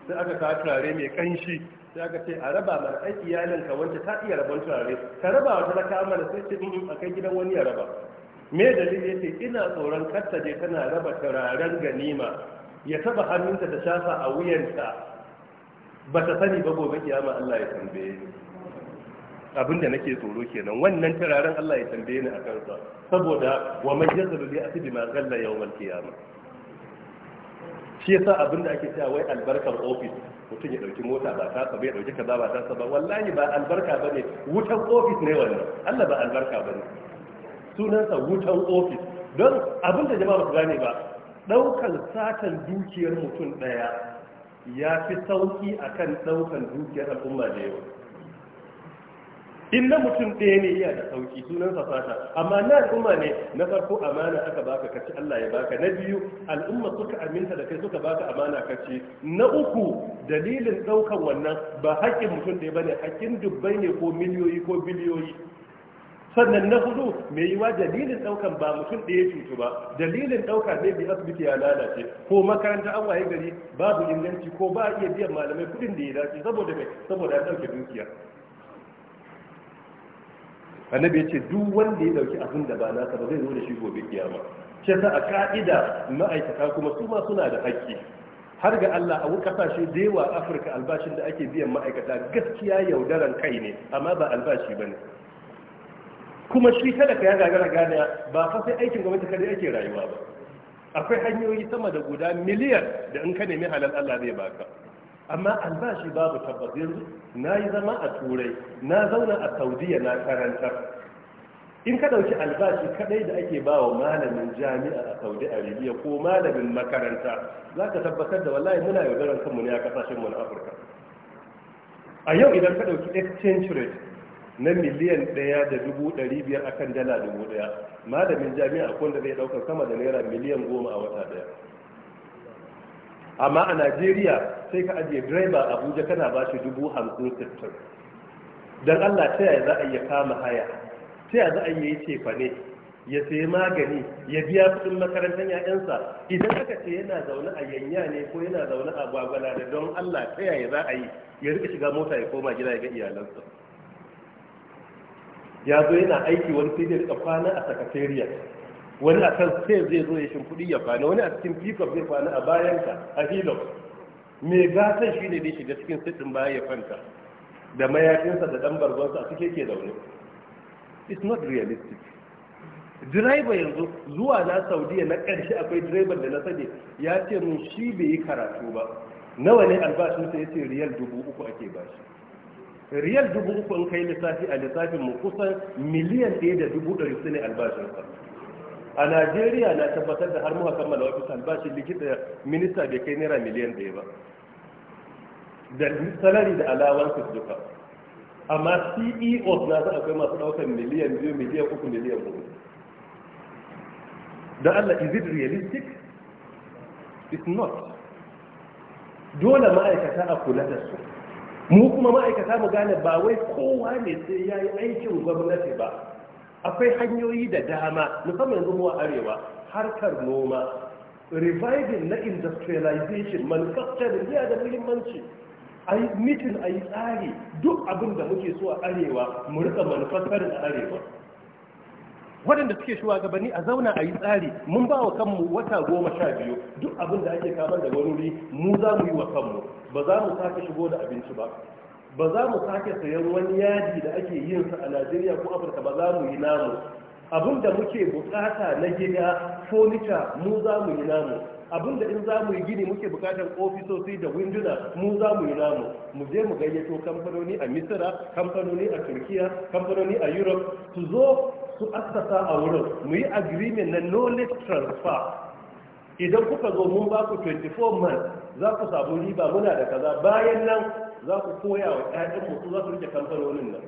sai aka kawo turare mai kanshi sai aka ce a raba mana ai iyalinka wanda ta iya rabon turare ka raba wa talakawa mana sai ce mm, mm, a kai gidan wani ya raba me dalili yace ina tsoron karta je tana raba turaren ganima ya taba hannunta ta shafa a wuyanta ba ta sani ba gobe kiyama Allah ya tambaye ni abinda nake tsoro kenan wannan turaren Allah ya tambaye ni a kansa saboda wa man yazlu bi asbi ma qalla yawmal kiyama shi yasa abinda ake cewa wai albarkar office mutum ya dauki mota ba ta sabai dauki kaza ba ta ba wallahi ba albarka bane wutan office ne wannan Allah ba albarka bane sunansa wutan ofis don abin da jama'a su gane ba daukan satan dukiyar mutum daya ya fi sauki kan daukan dukiyar al'umma da yawa in mutum ɗaya ne iya da sauki sunansa sata amma na al'umma ne na farko amana aka baka kaci Allah ya baka na biyu al'umma suka aminta da kai suka baka amana kaci na uku dalilin ɗaukan wannan ba haƙƙin mutum ɗaya ne, haƙƙin dubbai ne ko miliyoyi ko biliyoyi sannan na hudu mai yiwa dalilin daukan ba mutum ɗaya cutu ba dalilin dauka ne bi asibiti ya lalace ko makaranta an waye gari babu inganci ko ba a iya biyan malamai kuɗin da ya dace saboda mai saboda ya dauke dukiya annabi ya ce duk wanda ya dauki abin da ba nasa ba zai zo da shi gobe kiyama ce sa a ka'ida ma'aikata kuma su ma suna da haƙƙi har ga Allah a kasashe da yawa Afirka albashin da ake biyan ma'aikata gaskiya yaudaran kai ne amma ba albashi ba ne. kuma shi talaka ya gagara gane ba fa sai aikin gwamnati kada yake rayuwa ba akwai hanyoyi sama da guda miliyan da in ka nemi halal Allah zai baka amma albashi babu tabbas yanzu na zama a turai na zauna a saudiya na karanta in ka ɗauki albashi kaɗai da ake ba wa malamin jami'a a saudi arabia ko malamin makaranta za ka tabbatar da wallahi muna yaudarar kanmu ne a kasashenmu na afirka a yau idan ka ɗauki exchange rate na miliyan ɗaya da dubu ɗari biyar a kan dala dubu ɗaya malamin jami'a akwai da zai ɗaukar sama da naira miliyan goma a wata ɗaya amma a najeriya sai ka ajiye direba abuja kana ba shi dubu hamsin sittin don allah ta yaya za a iya kama haya ta yaya za a iya yi cefa ne ya sayi magani ya biya kuɗin makarantar ya'yansa idan aka ce yana zaune a yanya ne ko yana zaune a gwagwala da don allah ta yaya za a yi ya rika shiga mota ya koma gida ya ga iyalansa ya zo yana aiki wani sai da kwana a sakatariya wani a kan sai zai zo ya kudi ya kwana wani a cikin pickup zai kwana a bayanka a hilux mai gatan shi ne da shiga cikin sittin baya ya kwanta da mayafinsa da dan barbansa a suke ke zaune it's not realistic direba yanzu zuwa na saudiya na karshe akwai direban da na sani ya ce mun shi bai yi karatu ba nawa ne albashinsa ya ce riyal dubu uku ake bashi riyal dubu uku in kai lissafi a lissafin mu kusan miliyan ɗaya da dubu ɗari su ne albashinsa a najeriya na tabbatar da har muka kammala ofis albashin likita minista bai kai naira miliyan ɗaya ba da salari da su duka amma ceo na su akwai masu ɗaukar miliyan biyu miliyan uku miliyan uku da allah is it realistic it's not dole ma'aikata a kula da su mu kuma ma'aikata mu gane ba wai kowa ne sai ya yi aikin gwamnati ba akwai hanyoyi da dama musamman yanzu mu a arewa harkar noma reviving na industrialization manufacturing ya da muhimmanci a yi mitin a yi tsari duk abin da muke so a arewa mu rika manufacturing a arewa waɗanda suke gabani a zauna a yi tsari mun ba wa kanmu wata goma sha biyu duk abin da ake kamar da wani mu za mu yi wa kanmu ba za mu sake shigo da abinci ba ba za mu sake sayan wani yaji da ake yin sa a Najeriya ko Afirka ba za mu yi namu abin da muke bukata na gida furniture mu za mu yi namu abin da in za mu yi gini muke bukatar ofisoshi da winduna mu za mu yi namu mu je mu gayyato kamfanoni a misira kamfanoni a turkiya kamfanoni a europe su zo su assasa a wurin mu yi agreement na knowledge transfer idan kuka zo mun ba ku 24 man za ku samu riba muna da kaza bayan nan za ku koya wa ƴaƴan mutu za su rike kamfanonin nan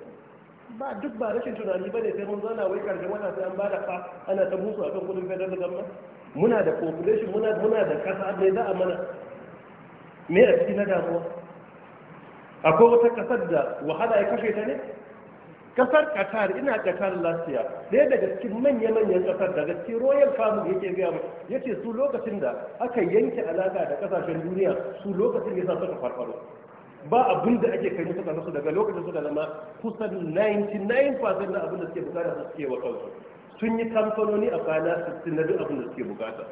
ba duk ba rashin tunani ba ne sai mun zana wai karshen wata sai an bada fa ana ta musu akan kudin federal government muna da population muna muna da kasa Me za a mana me a cikin na damuwa akwai wata kasar da wahala ya kashe ta ne kasar qatar ina qatar lafiya ɗaya daga cikin manya-manyan kasar daga cikin royal family yake gaya mu yace su lokacin da aka yanke alaka da kasashen duniya su lokacin sa suka farfaro ba abin da ake kai musu su daga lokacin suka zama kusan 99% na abin da suke bukata su suke wa kansu sun yi kamfanoni a kwana 60 na duk abin da suke bukata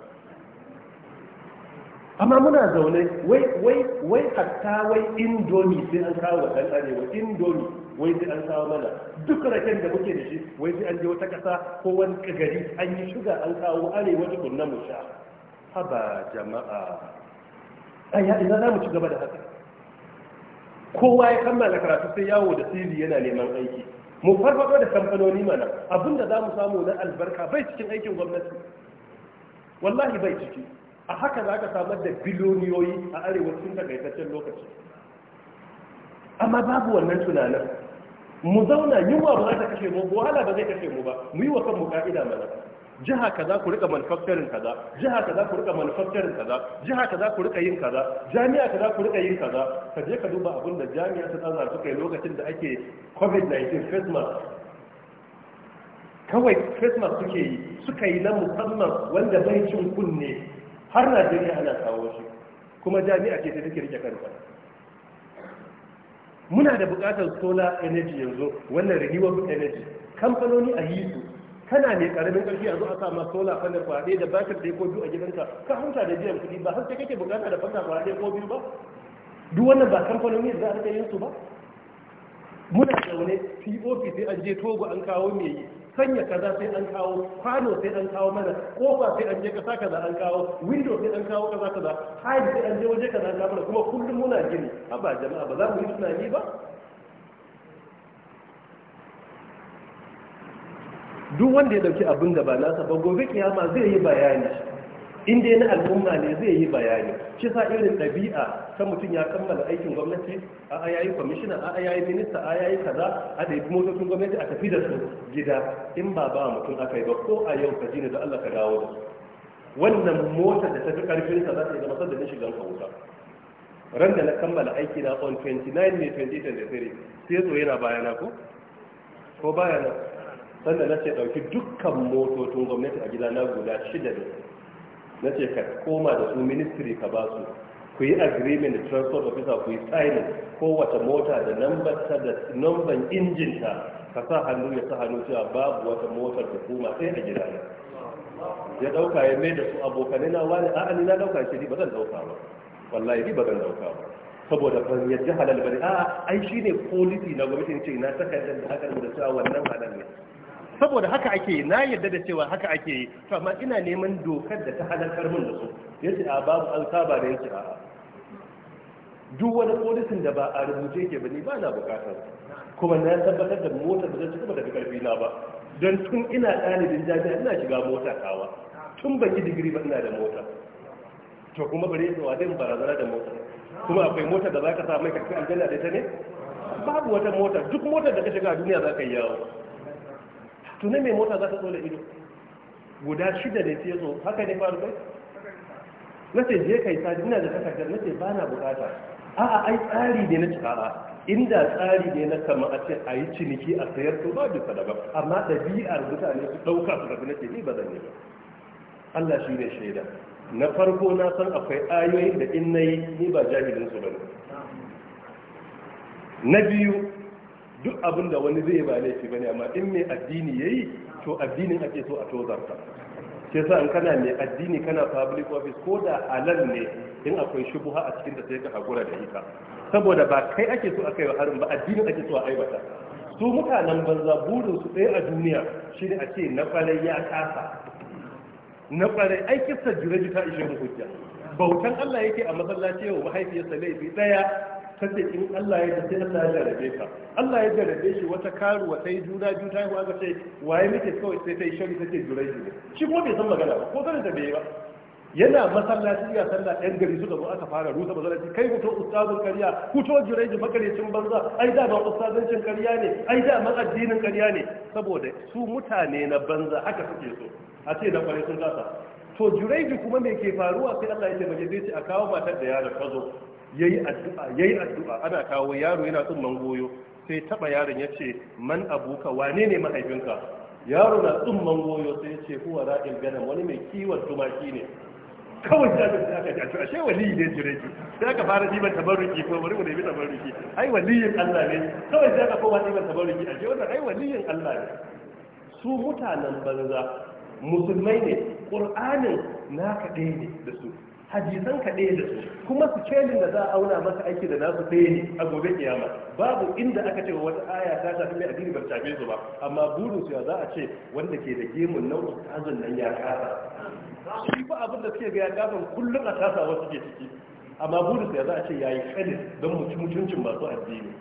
amma muna zaune wai wai wai hatta wai indomi sai an kawo dan arewa indomi wai sai an kawo mana duk raken da muke da shi wai sai an je wata kasa ko wani kagari an yi shuga an kawo arewa tukunna mu sha haba jama'a aya ina za mu ci gaba da haka kowa ya kammala karatu sai yawo da sirri yana neman aiki mu farfado da kamfanoni mana abinda za mu samu na albarka bai cikin aikin gwamnati wallahi bai ciki a haka za ka samar da biloniyoyi a arewacin takaitaccen lokaci amma babu wannan tunanin mu zauna yunwa ba za ta kashe mu wahala ba zai kashe mu ba mu yi wa kanmu ka'ida mana jiha kaza ku rika manufacturing kaza jiha kaza ku rika manufacturing kaza jiha kaza ku rika yin kaza jami'a kaza ku rika yin kaza ka je ka duba abin da jami'a ta tsara suka yi lokacin da ake covid-19 christmas kawai christmas suke yi suka yi na musamman wanda bai cin kunne har najeriya ana kawo shi kuma jami'a ce ta take rike kanta muna da buƙatar solar energy yanzu wannan renewable energy kamfanoni a yi su kana ne karamin karfi a zo a sama solar panel kwaɗe da batir da ko biyu a gidanka ka hanta da biyan kuɗi ba har sai kake buƙata da fanta kwaɗe ko biyu ba duk wannan ba kamfanoni da za a rika yin su ba muna da wani pop sai an je togo an kawo mai sanya kaza sai an kawo kwano sai an kawo mana kofa sai an je kasa kaza an kawo window sai an kawo kaza kaza hayi sai an je waje kaza an kawo kuma kullum muna gini haba jama'a ba za mu yi tunani ba duk wanda ya dauki abin da ba nasa ba gobe kiyama zai yi bayani inda yana na al'umma ne zai yi bayani shi sa irin ɗabi'a ta mutum ya kammala aikin gwamnati a a yayi kwamishina a a yayi minista a yayi kaza a da motocin gwamnati a tafi da su gida in ba ba mutum aka yi ba ko a yau ka da Allah ka dawo da wannan mota da ta fi karfin sa za ta yi zama da na shigan ka wuta ran da na kammala aiki na on 29 ne 2023 sai zo yana bayana ko ko bayana sannan na ce ɗauki dukkan motocin gwamnati a gida na guda shida ne na ce ka koma da su ministry ka ba su ku yi agreement da transport officer ku yi signing kowace mota da number ta da number injin ta ka sa hannu ya sa hannu cewa babu wata motar kuma sai a gida ne ya dauka ya mai da su abokanai na wani a'a ni na dauka shi ba zan dauka ba wallahi ni ba zan dauka ba saboda ban yadda halal bane a'a ai shine policy na gwamnati ce na takardar da haka da cewa wannan halal ne saboda haka ake na yadda da cewa haka ake yi to amma ina neman dokar da ta halakar min da su yace a babu an saba da yace a'a duk wani polisin da ba a rubuce yake bane ba na bukatar kuma na tabbatar da motar da zai cika daga karfi na ba don tun ina ɗalibin jami'a ina shiga mota kawa tun ban yi digiri ba ina da mota to kuma bare ne wa zai barazana da mota kuma akwai mota da zaka ka sa mai karfi aljanna da ita ne babu wata mota duk motar da ka shiga a duniya za ka yi yawo tuni mai mota za ta tsola ido guda shida da ce haka ne faru kai na ce je kai sadi ina da takardar na ce ba na bukata a'a ai tsari ne na cika'a inda tsari ne na kama a ce a yi ciniki a sayar to ba bisa daga amma ɗabi'ar mutane su ɗauka su rabu na ce ni ba zan yi ba Allah shi ne shaida na farko na san akwai ayoyin da in na yi ni ba jahilin su ba ne na biyu duk abin da wani zai ba laifi bane amma in mai addini yayi to addinin ake so a tozarta sai sa in kana mai addini kana public office ko da alal ne in akwai shubuha a cikin da sai ka hakura da ita saboda ba kai ake so kai wa harin ba addinin ake so a aibata su mutanen banza burin su ɗaya a duniya shine a ce na kwarai ya kasa na kwarai ai kissa jiraji ta ishe mu hujja bautan Allah yake a masallaci yau mahaifiyarsa laifi daya kace in Allah ya tafi Allah ya jarabe ka Allah ya jarabe shi wata karuwa ta yi juna biyu ta yi aka ce waye muke kawai sai ta yi shari take jurai ne shi kuma bai san magana ba ko sanin da bai ba yana masallaci ya sallah ɗan gari suka zo aka fara rusa masallaci kai fito ustazun karya fito jureji makarecin banza ai da ba ustazancin karya ne ai da ma addinin karya ne saboda su mutane na banza haka suke so a ce da kwarai sun kasa. to jurai kuma me ke faruwa sai Allah ya ce maje zai ce a kawo matar da yaron ta zo yayi addu'a yayi addu'a ana kawo yaro yana tsumman goyo sai taba yaron ya ce, man abuka wane ne mahaifinka yaro na tsumman goyo sai yace huwa ra'il ganam wani mai kiwon tumaki ne kawai da da aka ji ashe liyi ne jireki sai aka fara diban tabarruki ko bari mu nemi tabarruki ai waliyin Allah ne kawai sai aka kowa diban tabarruki a wannan ai waliyin Allah ne su mutanen banza musulmai ne qur'anin naka ɗaya ne da su hadisan ka ɗaya da su kuma sikelin da za a auna masa aiki da nasu ɗaya ne a gobe kiyama babu inda aka ce wata aya ta ta mai addini ba tabe su ba amma burin su ya za a ce wanda ke da gemun nau'in kazan nan ya kasa shi ba abin da suke ga ya kafin kullum a tasa wasu ke ciki amma burin su ya za a ce ya yi kanin don mutuncin masu addini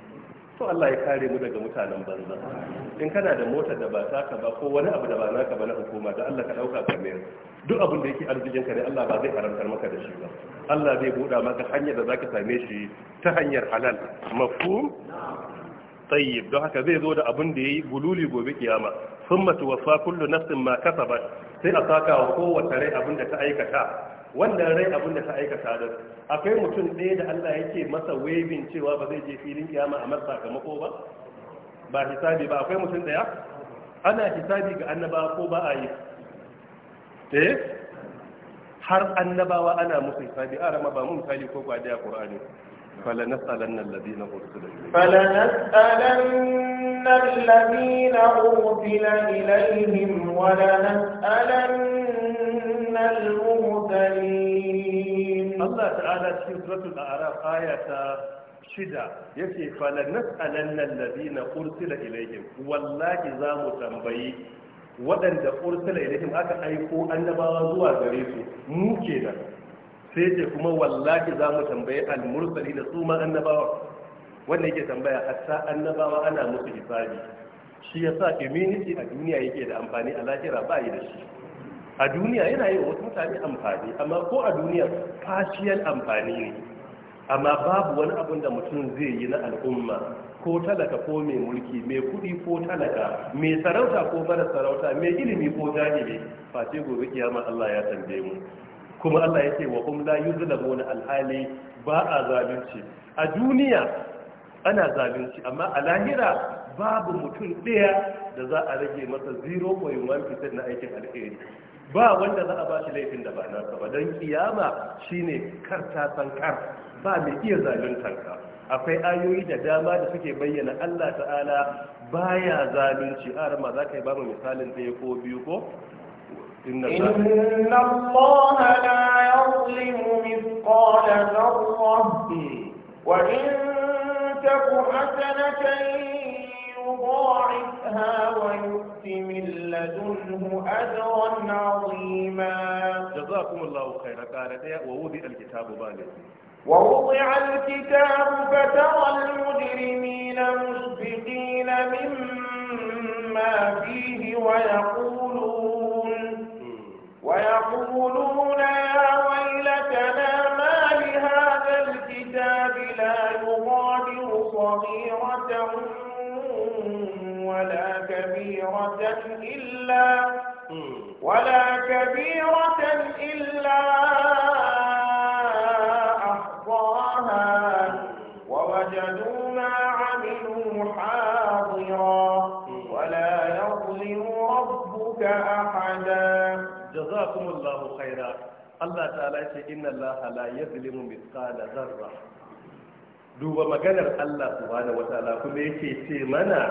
to Allah ya kare mu daga mutanen banza in kana da mota da ba taka ba ko wani abu da ba naka ba na hukuma da Allah ka dauka ka mayar duk abin da yake arzikin ka ne Allah ba zai haramtar maka da shi ba Allah zai buɗa maka hanyar da zaka same shi ta hanyar halal mafhum tayyib don haka zai zo da abin da yayi gululi gobe kiyama summa tuwaffa kullu nafsin ma kasabat sai a saka wa kowace rai abin da ta aikata wannan rai abin da ta aikata din akwai mutum ɗaya da Allah yake masa waving cewa ba zai je filin kiyama a matsa masa sakamako ba ba hisabi ba akwai mutum ɗaya ana hisabi ga annabawa ko ba a yi eh har annabawa ana musu hisabi a rama ba mu misali ko ba kwadiya qur'ani فلنسألن الذين أرسل إليهم فلنسألن الذين أرسل إليهم ولنسألن المرسلين الله تعالى في shida yace آية شدة يكي فلنسألن الذين أرسل إليهم za mu tambayi waɗanda ursula ilaihim aka aiko annabawa zuwa gare su mu da! sai ce kuma wallahi za mu tambaye almursali da su ma annabawa wanda yake tambaya hatta annabawa ana musu hisabi shi yasa immunity a duniya yake da amfani a lahira ba yi da shi a duniya yana yi wasu mutane amfani amma ko a duniya fashiyar amfani ne amma babu wani abin da mutum zai yi na al'umma ko talaka ko mai mulki mai kudi ko talaka mai sarauta ko mara sarauta mai ilimi ko jahili face gobe kiyama Allah ya tambaye mu kuma Allah ya ce wa hum la na alhali ba a zalunci a duniya ana zalunci amma a lahira babu mutum ɗaya da za a rage masa 0.1% na aikin alheri ba wanda za a ba shi laifin da ba nasa ba don kiyama shine kar ta san kar ba mai iya zaluntar ka akwai ayoyi da dama da suke bayyana Allah ta'ala baya zalunci a rama za ka yi ba misalin ɗaya ko biyu ko إن الله لا يظلم مثقال ذرة وإن تك حسنة يضاعفها ويؤت من لدنه أجرا عظيما جزاكم الله خيرا قال ووضع الكتاب بالغ ووضع الكتاب فترى المجرمين مشفقين مما فيه ويقولون ويقولون يا ويلتنا ما لهذا الكتاب لا يغادر صغيرة ولا كبيرة إلا ولا كبيرة إلا أحصاها ووجدوا ما عملوا حاضرا ولا يظلم ربك أحدا جزاكم الله خيرا الله تعالى إن الله لا يظلم مثقال ذرة duba maganar Allah subhanahu wataala kuma yake ce mana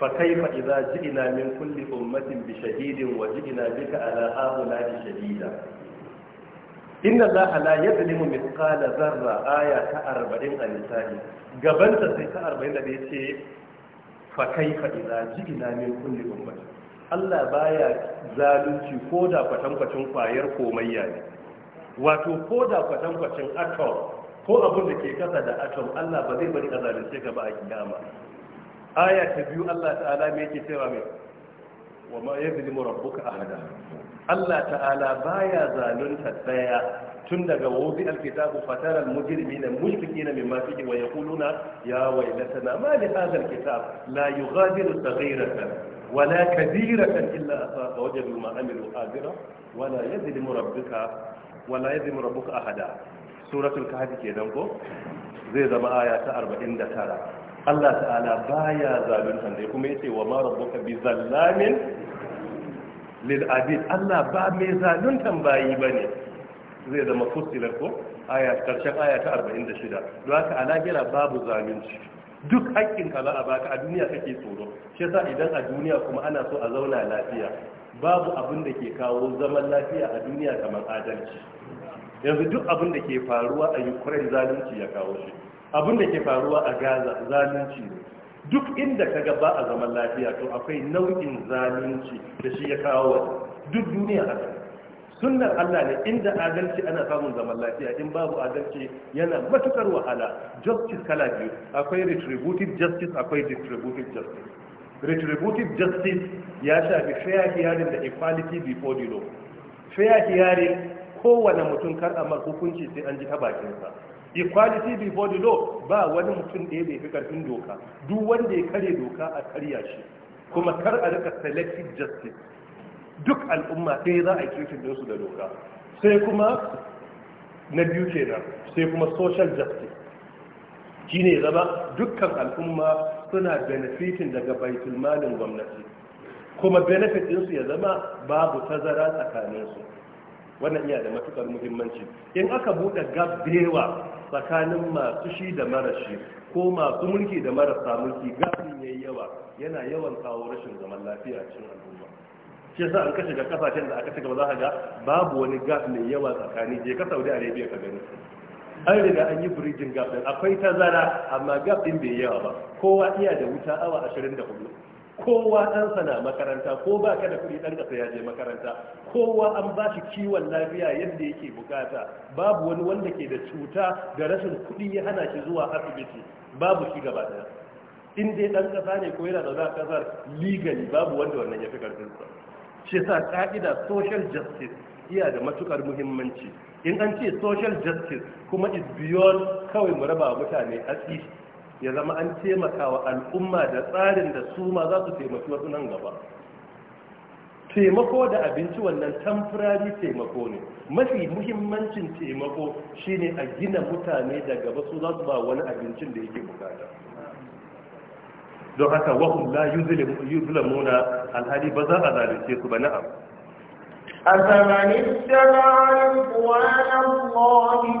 فكيف إذا جئنا من كل أمة بشهيد وجئنا بك على هؤلاء شهيدا إن الله لا يظلم مثقال ذرة آية 40 النساء قبل تسعة أربعين الذي فكيف إذا جئنا من كل أمة Allah baya zalunci ko da kwatankwacin kwayar komayya ne wato ko da kwatankwacin atom ko abin da ke kasa da atom Allah ba zai bari a zalunce ka ba a kiyama aya ta biyu Allah ta'ala me yake cewa mai wa ma yazlimu rabbuka ahada Allah ta'ala baya zalunta daya tun daga wuzi alkitabu fataral mujrimina mushfiqina mimma fihi wa yaquluna ya waylatana ma li hadha alkitab la yughadiru saghiratan wala kabiratan illa asaqa wajadu ma amilu hadira wala yadlimu rabbuka wala yadlimu rabbuka ahada suratul kahf kenan ko zai zama aya ta 49 Allah ta'ala baya zalunta ne kuma yace wa ma bi zallamin lil abid Allah ba mai zaluntan bayi bane zai zama fusilar ko aya karshen aya ta 46 don haka alagira babu zalunci duk haƙƙin ka za a baka a duniya kake tsoro shi yasa idan a duniya kuma ana so a zauna lafiya babu abin da ke kawo zaman lafiya a duniya kamar adalci yanzu duk abin da ke faruwa a Ukraine zalunci ya kawo shi abin da ke faruwa a gaza zalunci ne duk inda ka ga ba a zaman lafiya to akwai nau'in zalunci da shi ya kawo duk duniya haka sunan Allah ne inda adalci ana samun zaman lafiya in babu adalci yana matukar wahala justice kala biyu akwai retributive justice akwai distributive justice retributive justice ya shafi fair hearing da equality before the law fair hearing kowane mutum kar a hukunci sai an ji ta bakinsa equality before the law ba wani mutum ɗaya bai fi karfin doka duk wanda ya kare doka a karya shi kuma kar a rika selective justice duk al'umma sai za a kirki din su da doka sai kuma na biyu kenan sai kuma social justice ne zama dukkan al'umma suna benefitin daga baitul malin gwamnati kuma benefit ɗinsu ya zama babu tazara tsakaninsu wannan iya da matukar muhimmanci in aka buɗe gab da yawa tsakanin masu shi da marashi ko masu mulki da marasa mulki gafin yayi yawa yana yawan kawo rashin zaman lafiya a cikin al'umma shi yasa an kashe ga kasashen da aka ci gaba za ka ga babu wani gaf mai yawa tsakani je ka Saudi Arabia ka gani an riga an yi bridging gaf din akwai tazara amma gaf din bai yawa ba kowa iya da wuta awa ashirin da hudu. kowa ɗansa sana makaranta ko ba ka da kuɗi dan ƙasa ya je makaranta kowa an ba shi kiwon lafiya yadda yake bukata babu wani wanda ke da cuta da rashin kuɗi ya hana shi zuwa asibiti babu shi gaba daya in dai ɗan ƙasa ne ko yana da za a zar legally babu wanda wannan ya fi sa shi sa ƙa'ida social justice iya da matukar muhimmanci in an ce social justice kuma is beyond kawai mu raba mutane aski. ya zama an taimaka wa al'umma da tsarin da su ma za su taimaki wasu nan gaba taimako da abinci wannan tamfurari taimako ne mafi muhimmancin taimako shine a gina mutane da gaba su za su ba wani abincin da yake bukata don haka yi la muna, alhali ba za a zalunce su ba na'am أفمن اتبع رضوان الله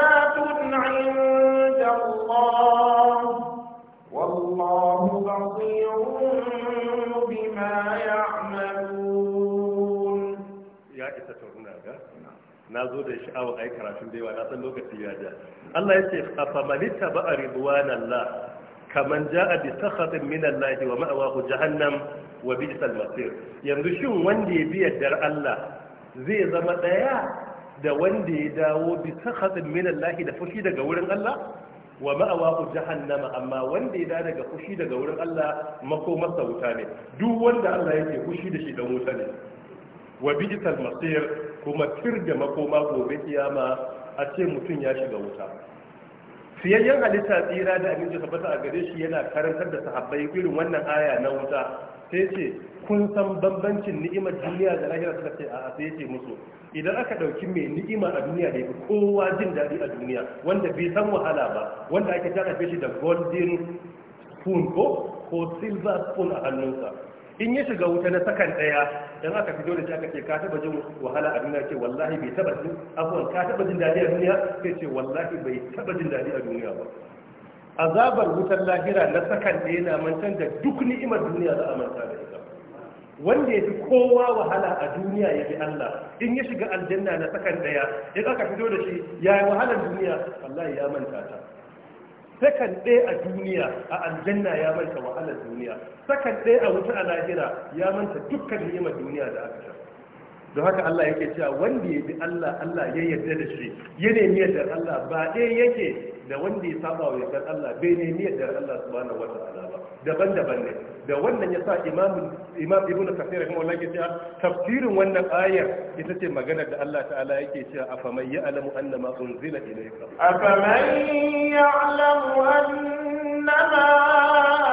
na zo da sha'awa a yi karatun da yawa na san lokaci ya ja Allah ya ce a famanita ba a na Allah kaman ja a bisakhatin min Allah wa ma'awahu jahannam wa bisal masir yanzu shin wanda ya bi yardar Allah zai zama daya da wanda ya dawo bisakhatin min Allah da fushi daga wurin Allah wa ku jahannama amma wanda ya dawo daga fushi daga wurin Allah makomarsa wuta ne duk wanda Allah ya ce fushi da shi dan wuta ne wa bisal masir kuma tir da makoma gobe kiyama a ce mutum ya shiga wuta siyayyen halitta tsira da abinci tabbata a gare shi yana karantar da sahabbai irin wannan aya na wuta sai ce kun san bambancin ni'imar duniya da lahira suka ce a sai ce musu idan aka dauki mai ni'ima a duniya da yafi kowa jin daɗi a duniya wanda bai san wahala ba wanda ake tarafe shi da golden spoon ko ko silver spoon a hannunsa in ya shiga wuta na sakan daya dan aka fito da shi aka ce ka taba jin wahala a duniya ce wallahi bai taba jin abuwan ka taba jin dadi a duniya sai ce wallahi bai taba jin dadi a duniya ba azabar wutar lahira na sakan daya na mantan da duk ni'imar duniya za a manta da ita wanda ya fi kowa wahala a duniya ya fi Allah in ya shiga aljanna na sakan daya in aka fito da shi ya yi wahalar duniya wallahi ya manta ta sakan ɗaya a duniya a aljanna ya manta wahalar duniya sakan ɗaya a wuta a lahira ya manta dukkan ni'imar duniya da aka don haka Allah yake cewa wanda ya bi Allah Allah ya yarda da shi ya nemi yardar Allah ba ɗaya yake da wanda ya saba wa yardar Allah bai nemi yardar Allah subhanahu wa ta'ala ba daban-daban ne da wannan ya sa imam imam ibn kathir kuma wallahi cewa tafsirin wannan ayar ita ce maganar da Allah ta'ala yake cewa afaman ya'lamu annama unzila ilayka afaman ya'lamu annama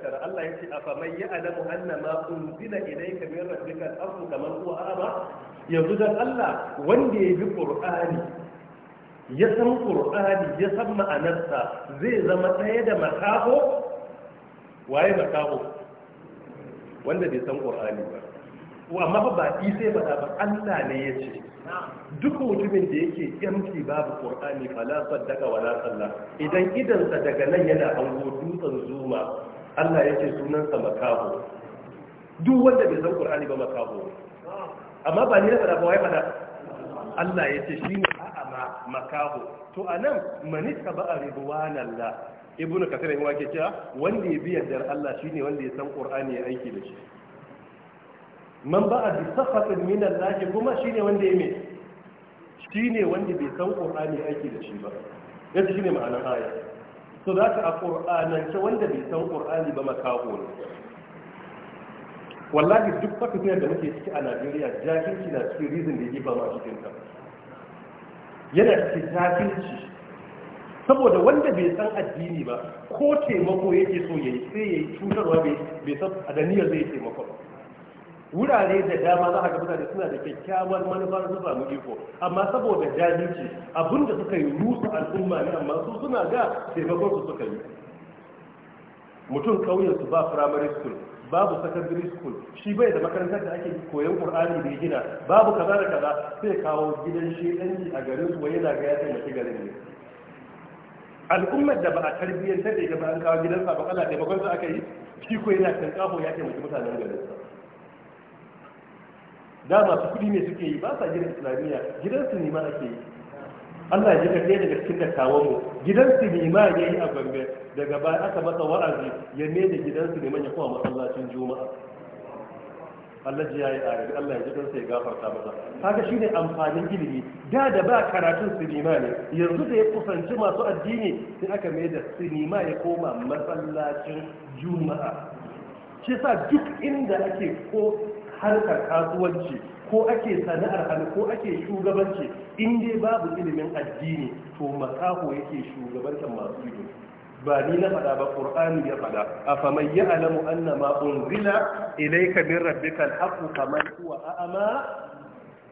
zakkara Allah yace afa man ya'lamu anna ma unzila ilayka min rabbika al-amru kaman huwa yanzu dan Allah wanda ya bi Qur'ani ya san Qur'ani ya san ma'anarsa zai zama ɗaya da makaho waye makaho wanda bai san Qur'ani ba amma ba isai ba ba Allah ne ya ce duk mutumin da yake yamci babu qur'ani fala saddaka wala salla idan sa daga nan yana ango dutsen zuma Allah yake sunansa makaho duk wanda bai san Qur'ani ba makaho amma ba ni na fada ba wai fada Allah yake a'a ma makaho to anan mani taba'a ridwanallah ibnu kathir yin wake cewa wanda ya bi yardar Allah shine wanda ya san Qur'ani ya aiki da shi man ba'a bi safatin min Allah kuma shine wanda ya me shine wanda bai san Qur'ani ya aiki da shi ba yadda shine ma'anar aya so za ka a ƙur'anance wanda bai san ƙur'ani ba makaho ne wallahi duk fakafinar da muke ciki a najeriya jahilci na cikin rizin da ya ba masu cikin yana cikin jahilci saboda wanda bai san addini ba ko taimako yake so ya yi sai ya yi cutarwa bai san adaniyar zai taimako ba wurare da dama za a ga mutane suna da kyakkyawar manufar su mu iko amma saboda jahilci abinda suka yi rusa al'umma ne amma su suna ga taimakon su suka yi mutum kauyen su ba primary school babu secondary school shi bai da makarantar da ake koyon Kur'ani da gina babu kaza da kaza sai kawo gidan shedanci a garin su yana ga ya taimaki garin ne al'ummar da ba a tarbiyyantar da ita ba an kawo gidansa ba ana taimakon su aka yi shi ko yana kan kafo ya taimaki mutanen garin sa da masu kuɗi ne suke yi ba sa gidan islamiyya gidansu ne ma ake yi Allah ya kace daga cikin dattawan mu gidansu ne ma ya yi a Gombe daga baya aka masa wa'azi ya ne da gidansu ne man ya kuma masallacin juma'a Allah ji yayi a Allah ya ji kansa ya gafarta masa kaga shine amfanin ilimi da da ba karatun sinima ne yanzu da ya kusanci masu addini sai aka mai da sinima ya koma masallacin juma'a shi sa duk inda ake ko harkar kasuwanci ko ake sana'ar hannu ko ake shugabanci in dai babu ilimin addini to makaho yake shugabantar masu ido ba ni na faɗa ba ƙur'ani ya faɗa a faman ya alamu anna ma unzila ilayka min rabbika alhaqu faman huwa a'ma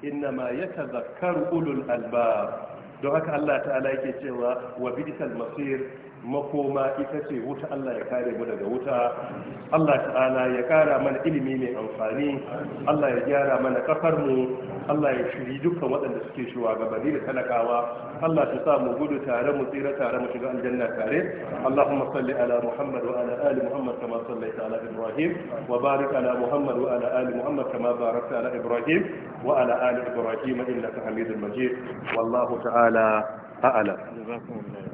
inna ma yatazakkaru ulul albab don haka Allah ta'ala yake cewa wa bidikal masir makoma ita ce wuta Allah ya kare mu daga wuta Allah ta'ala ya kara mana ilimi mai amfani Allah ya gyara mana kafar mu Allah ya shiri dukkan waɗanda suke shugabanni da talakawa Allah ya sa mu gudu tare mu tsira tare mu shiga aljanna tare Allahumma salli ala Muhammad wa ala ali Muhammad kama sallaita ala Ibrahim wa barik ala Muhammad wa ala ali Muhammad kama barakta ala Ibrahim wa ala ali Ibrahim innaka Hamidul Majid wallahu ta'ala a'lam